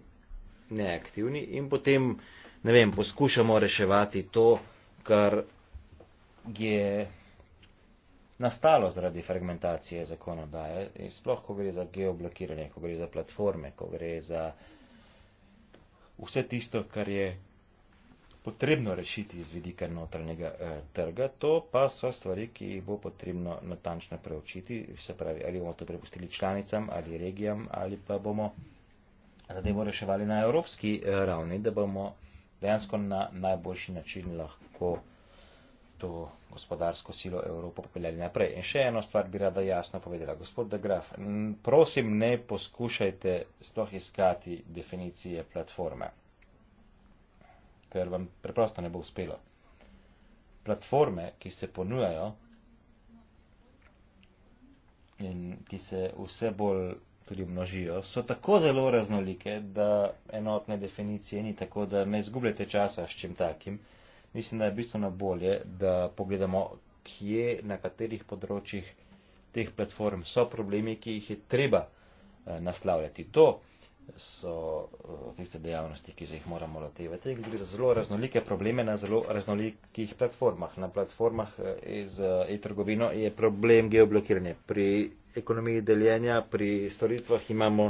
neaktivni in potem, ne vem, poskušamo reševati to, kar je nastalo zaradi fragmentacije zakonodaje, sploh ko gre za geoblokiranje, ko gre za platforme, ko gre za vse tisto, kar je potrebno rešiti iz vidika notranjega eh, trga, to pa so stvari, ki jih bo potrebno natančno preučiti, se pravi, ali bomo to prepustili članicam ali regijam ali pa bomo zadevo reševali na evropski eh, ravni, da bomo dejansko na najboljši način lahko to gospodarsko silo Evropo popeljali naprej. In še eno stvar bi rada jasno povedala, gospod De Graf, prosim ne poskušajte sploh iskati definicije platforme, ker vam preprosto ne bo uspelo. Platforme, ki se ponujajo in ki se vse bolj tudi množijo, so tako zelo raznolike, da enotne definicije ni tako, da ne izgubljate časa s čim takim mislim, da je bistveno bolje, da pogledamo, kje na katerih področjih teh platform so problemi, ki jih je treba eh, naslavljati. To so eh, tiste dejavnosti, ki se jih moramo lotevati. Gre za zelo raznolike probleme na zelo raznolikih platformah. Na platformah eh, z e-trgovino je problem geoblokiranja. Pri ekonomiji deljenja, pri storitvah imamo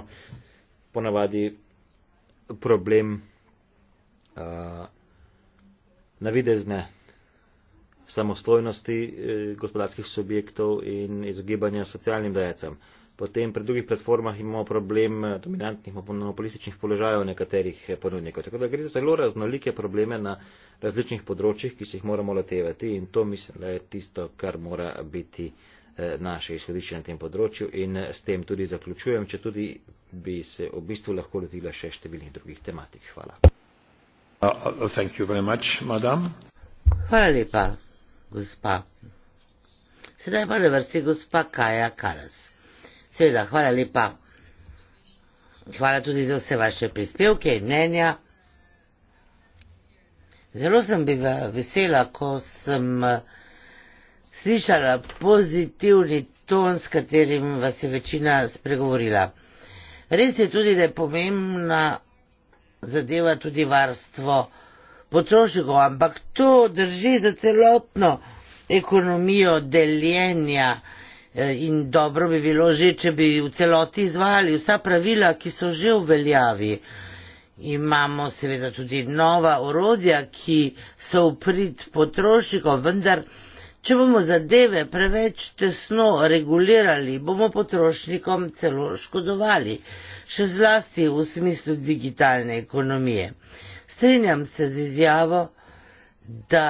ponavadi problem navidezne samostojnosti eh, gospodarskih subjektov in izogibanja socialnim dajecem. Potem pri drugih platformah imamo problem eh, dominantnih monopolističnih položajev nekaterih eh, ponudnikov. Tako da gre za zelo raznolike probleme na različnih področjih, ki se jih moramo latevati in to mislim, da je tisto, kar mora biti naše izhodišče na tem področju in s tem tudi zaključujem, če tudi bi se v bistvu lahko lotila še številnih drugih tematik. Hvala. Uh, uh, lepa, gospa. Sedaj pa na vrsti gospa Kaja Kalas. Seveda, hvala lepa. Hvala tudi za vse vaše prispevke in mnenja. Zelo sem bila vesela, ko sem uh, slišala pozitivni ton, s katerim vas je večina spregovorila. Res je tudi, da je pomembna zadeva tudi varstvo potrošnikov, ampak to drži za celotno ekonomijo deljenja eh, in dobro bi bilo že, če bi v celoti izvali vsa pravila, ki so že v veljavi. Imamo seveda tudi nova orodja, ki so v prid potrošnikov, vendar, če bomo zadeve preveč tesno regulirali, bomo potrošnikom celo škodovali še zlasti v smislu digitalne ekonomije. Strinjam se z izjavo, da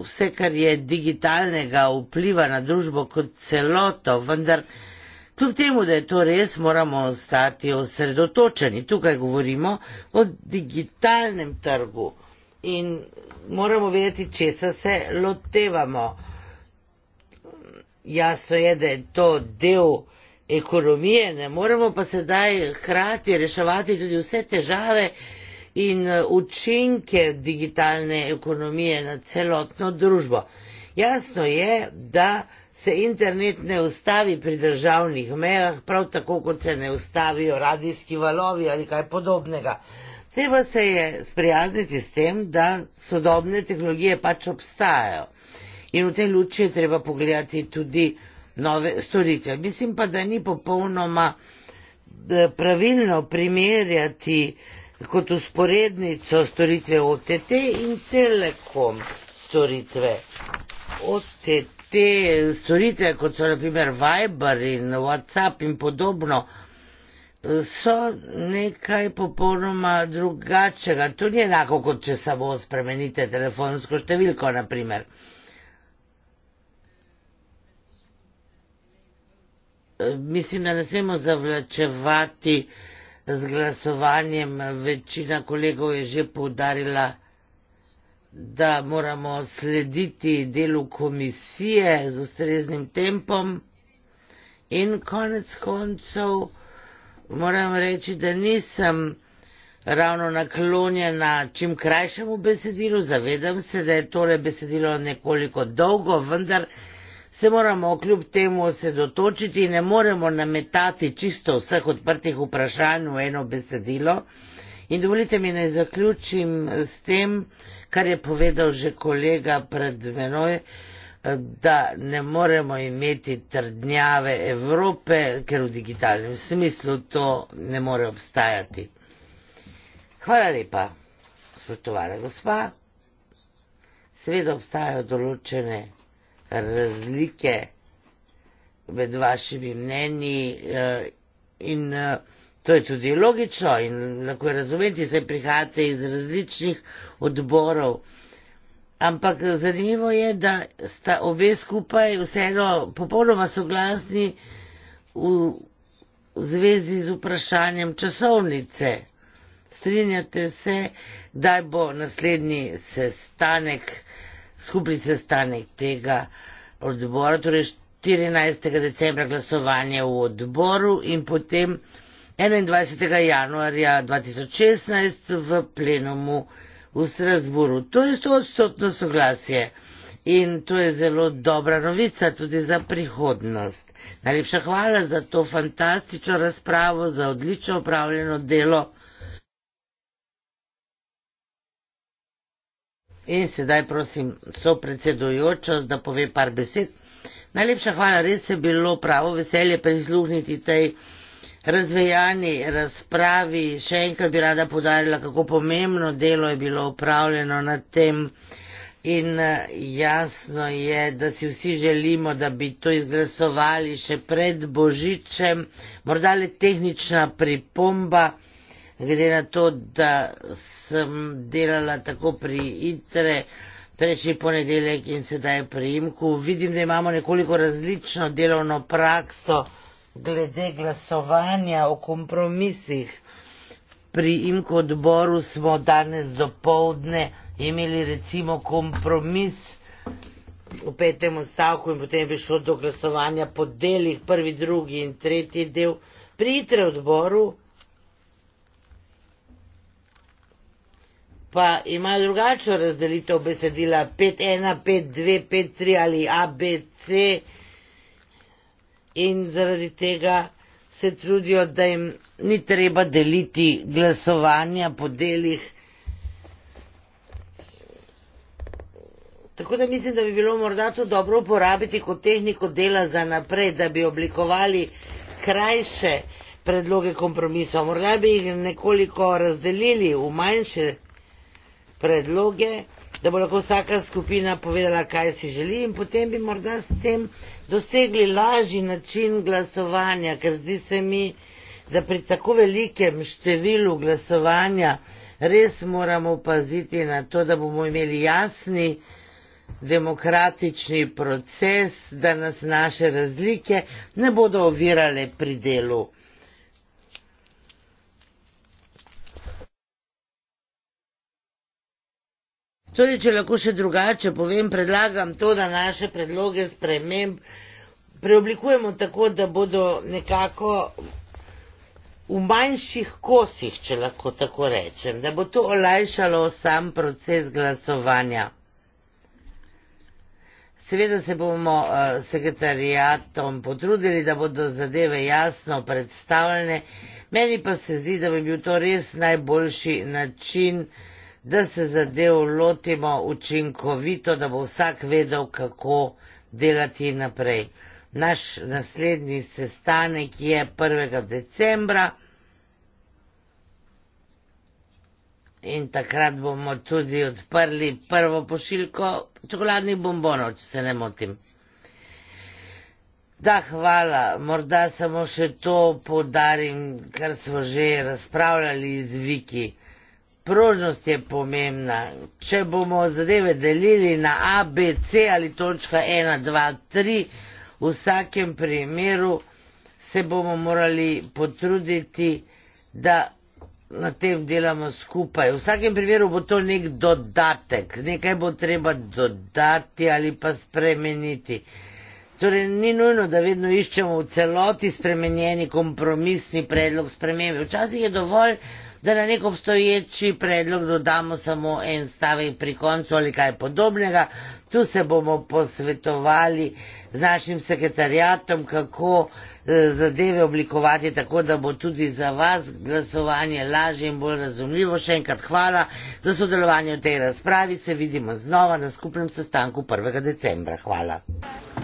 vse, kar je digitalnega, vpliva na družbo kot celoto, vendar kljub temu, da je to res, moramo ostati osredotočeni. Tukaj govorimo o digitalnem trgu in moramo vedeti, česa se lotevamo. Jasno je, da je to del ekonomije, ne moramo pa sedaj hkrati reševati tudi vse težave in eh, učinke digitalne ekonomije na celotno družbo. Jasno je, da se internet ne ustavi pri državnih mejah, prav tako kot se ne ustavijo radijski valovi ali kaj podobnega. Treba se je sprijazniti s tem, da sodobne tehnologije pač obstajajo. In v tej luči je treba pogledati tudi nove storitve. Mislim pa, da ni popolnoma eh, pravilno primerjati kot usporednico storitve OTT in Telekom storitve. OTT storitve, kot so naprimer Viber in WhatsApp in podobno, so nekaj popolnoma drugačnega. To ni enako, kot če samo spremenite telefonsko številko, naprimer. mislim, da ne smemo zavlačevati z glasovanjem. Večina kolegov je že poudarila, da moramo slediti delu komisije z ustreznim tempom in konec koncev moram reči, da nisem ravno naklonjena čim krajšemu besedilu, zavedam se, da je tole besedilo nekoliko dolgo, vendar se moramo kljub temu osredotočiti in ne moremo nametati čisto vseh odprtih vprašanj v eno besedilo. In dovolite mi naj zaključim s tem, kar je povedal že kolega pred menoj, da ne moremo imeti trdnjave Evrope, ker v digitalnem smislu to ne more obstajati. Hvala lepa, spoštovana gospa. Seveda obstajajo določene razlike med vašimi mnenji eh, in eh, to je tudi logično in lahko je razumeti, saj prihajate iz različnih odborov. Ampak zanimivo je, da sta obe skupaj vseeno popolnoma soglasni v zvezi z vprašanjem časovnice. Strinjate se, da bo naslednji sestanek skupni sestanek tega odbora, torej 14. decembra glasovanje v odboru in potem 21. januarja 2016 v plenumu v Strasburu. To je 100 odstotno soglasje in to je zelo dobra novica tudi za prihodnost. Najlepša hvala za to fantastično razpravo, za odlično upravljeno delo. In sedaj prosim so predsedujočo, da pove par besed. Najlepša hvala, res je bilo pravo veselje prizluhniti tej razvejani razpravi. Še enkrat bi rada podarila, kako pomembno delo je bilo upravljeno na tem. In eh, jasno je, da si vsi želimo, da bi to izglasovali še pred Božičem. Morda le tehnična pripomba glede na to, da sem delala tako pri ICRE prejšnji ponedeljek in sedaj pri IMKU, vidim, da imamo nekoliko različno delovno prakso glede glasovanja o kompromisih. Pri IMKU odboru smo danes do povdne imeli recimo kompromis v petem odstavku in potem bi šlo do glasovanja po delih, prvi, drugi in tretji del. Pri ITRE odboru pa imajo drugačno razdelitev besedila 5-1, 5-2, 5-3 ali ABC in zaradi tega se trudijo, da jim ni treba deliti glasovanja po delih. Tako da mislim, da bi bilo morda to dobro uporabiti kot tehniko dela za naprej, da bi oblikovali krajše predloge kompromisov. Morda bi jih nekoliko razdelili v manjše predloge, da bo lahko vsaka skupina povedala, kaj si želi in potem bi morda s tem dosegli lažji način glasovanja, ker zdi se mi, da pri tako velikem številu glasovanja res moramo paziti na to, da bomo imeli jasni demokratični proces, da nas naše razlike ne bodo ovirale pri delu. Tudi če lahko še drugače povem, predlagam to, da naše predloge sprememb preoblikujemo tako, da bodo nekako v manjših kosih, če lahko tako rečem, da bo to olajšalo sam proces glasovanja. Seveda se bomo uh, eh, sekretarijatom potrudili, da bodo zadeve jasno predstavljene, meni pa se zdi, da bi bil to res najboljši način, da se zadev lotimo učinkovito, da bo vsak vedel, kako delati naprej. Naš naslednji sestanek je 1. decembra in takrat bomo tudi odprli prvo pošiljko čokoladnih bombonov, če se ne motim. Da, hvala. Morda samo še to podarim, kar smo že razpravljali z Viki prožnost je pomembna. Če bomo zadeve delili na A, B, C ali točka 1, 2, 3, v vsakem primeru se bomo morali potruditi, da na tem delamo skupaj. V vsakem primeru bo to nek dodatek, nekaj bo treba dodati ali pa spremeniti. Torej, ni nujno, da vedno iščemo v celoti spremenjeni kompromisni predlog spremembe. Včasih je dovolj, da na nek obstoječi predlog dodamo samo en stavek pri koncu ali kaj podobnega. Tu se bomo posvetovali z našim sekretarjatom, kako eh, zadeve oblikovati tako, da bo tudi za vas glasovanje lažje in bolj razumljivo. Še enkrat hvala za sodelovanje v tej razpravi. Se vidimo znova na skupnem sestanku 1. decembra. Hvala.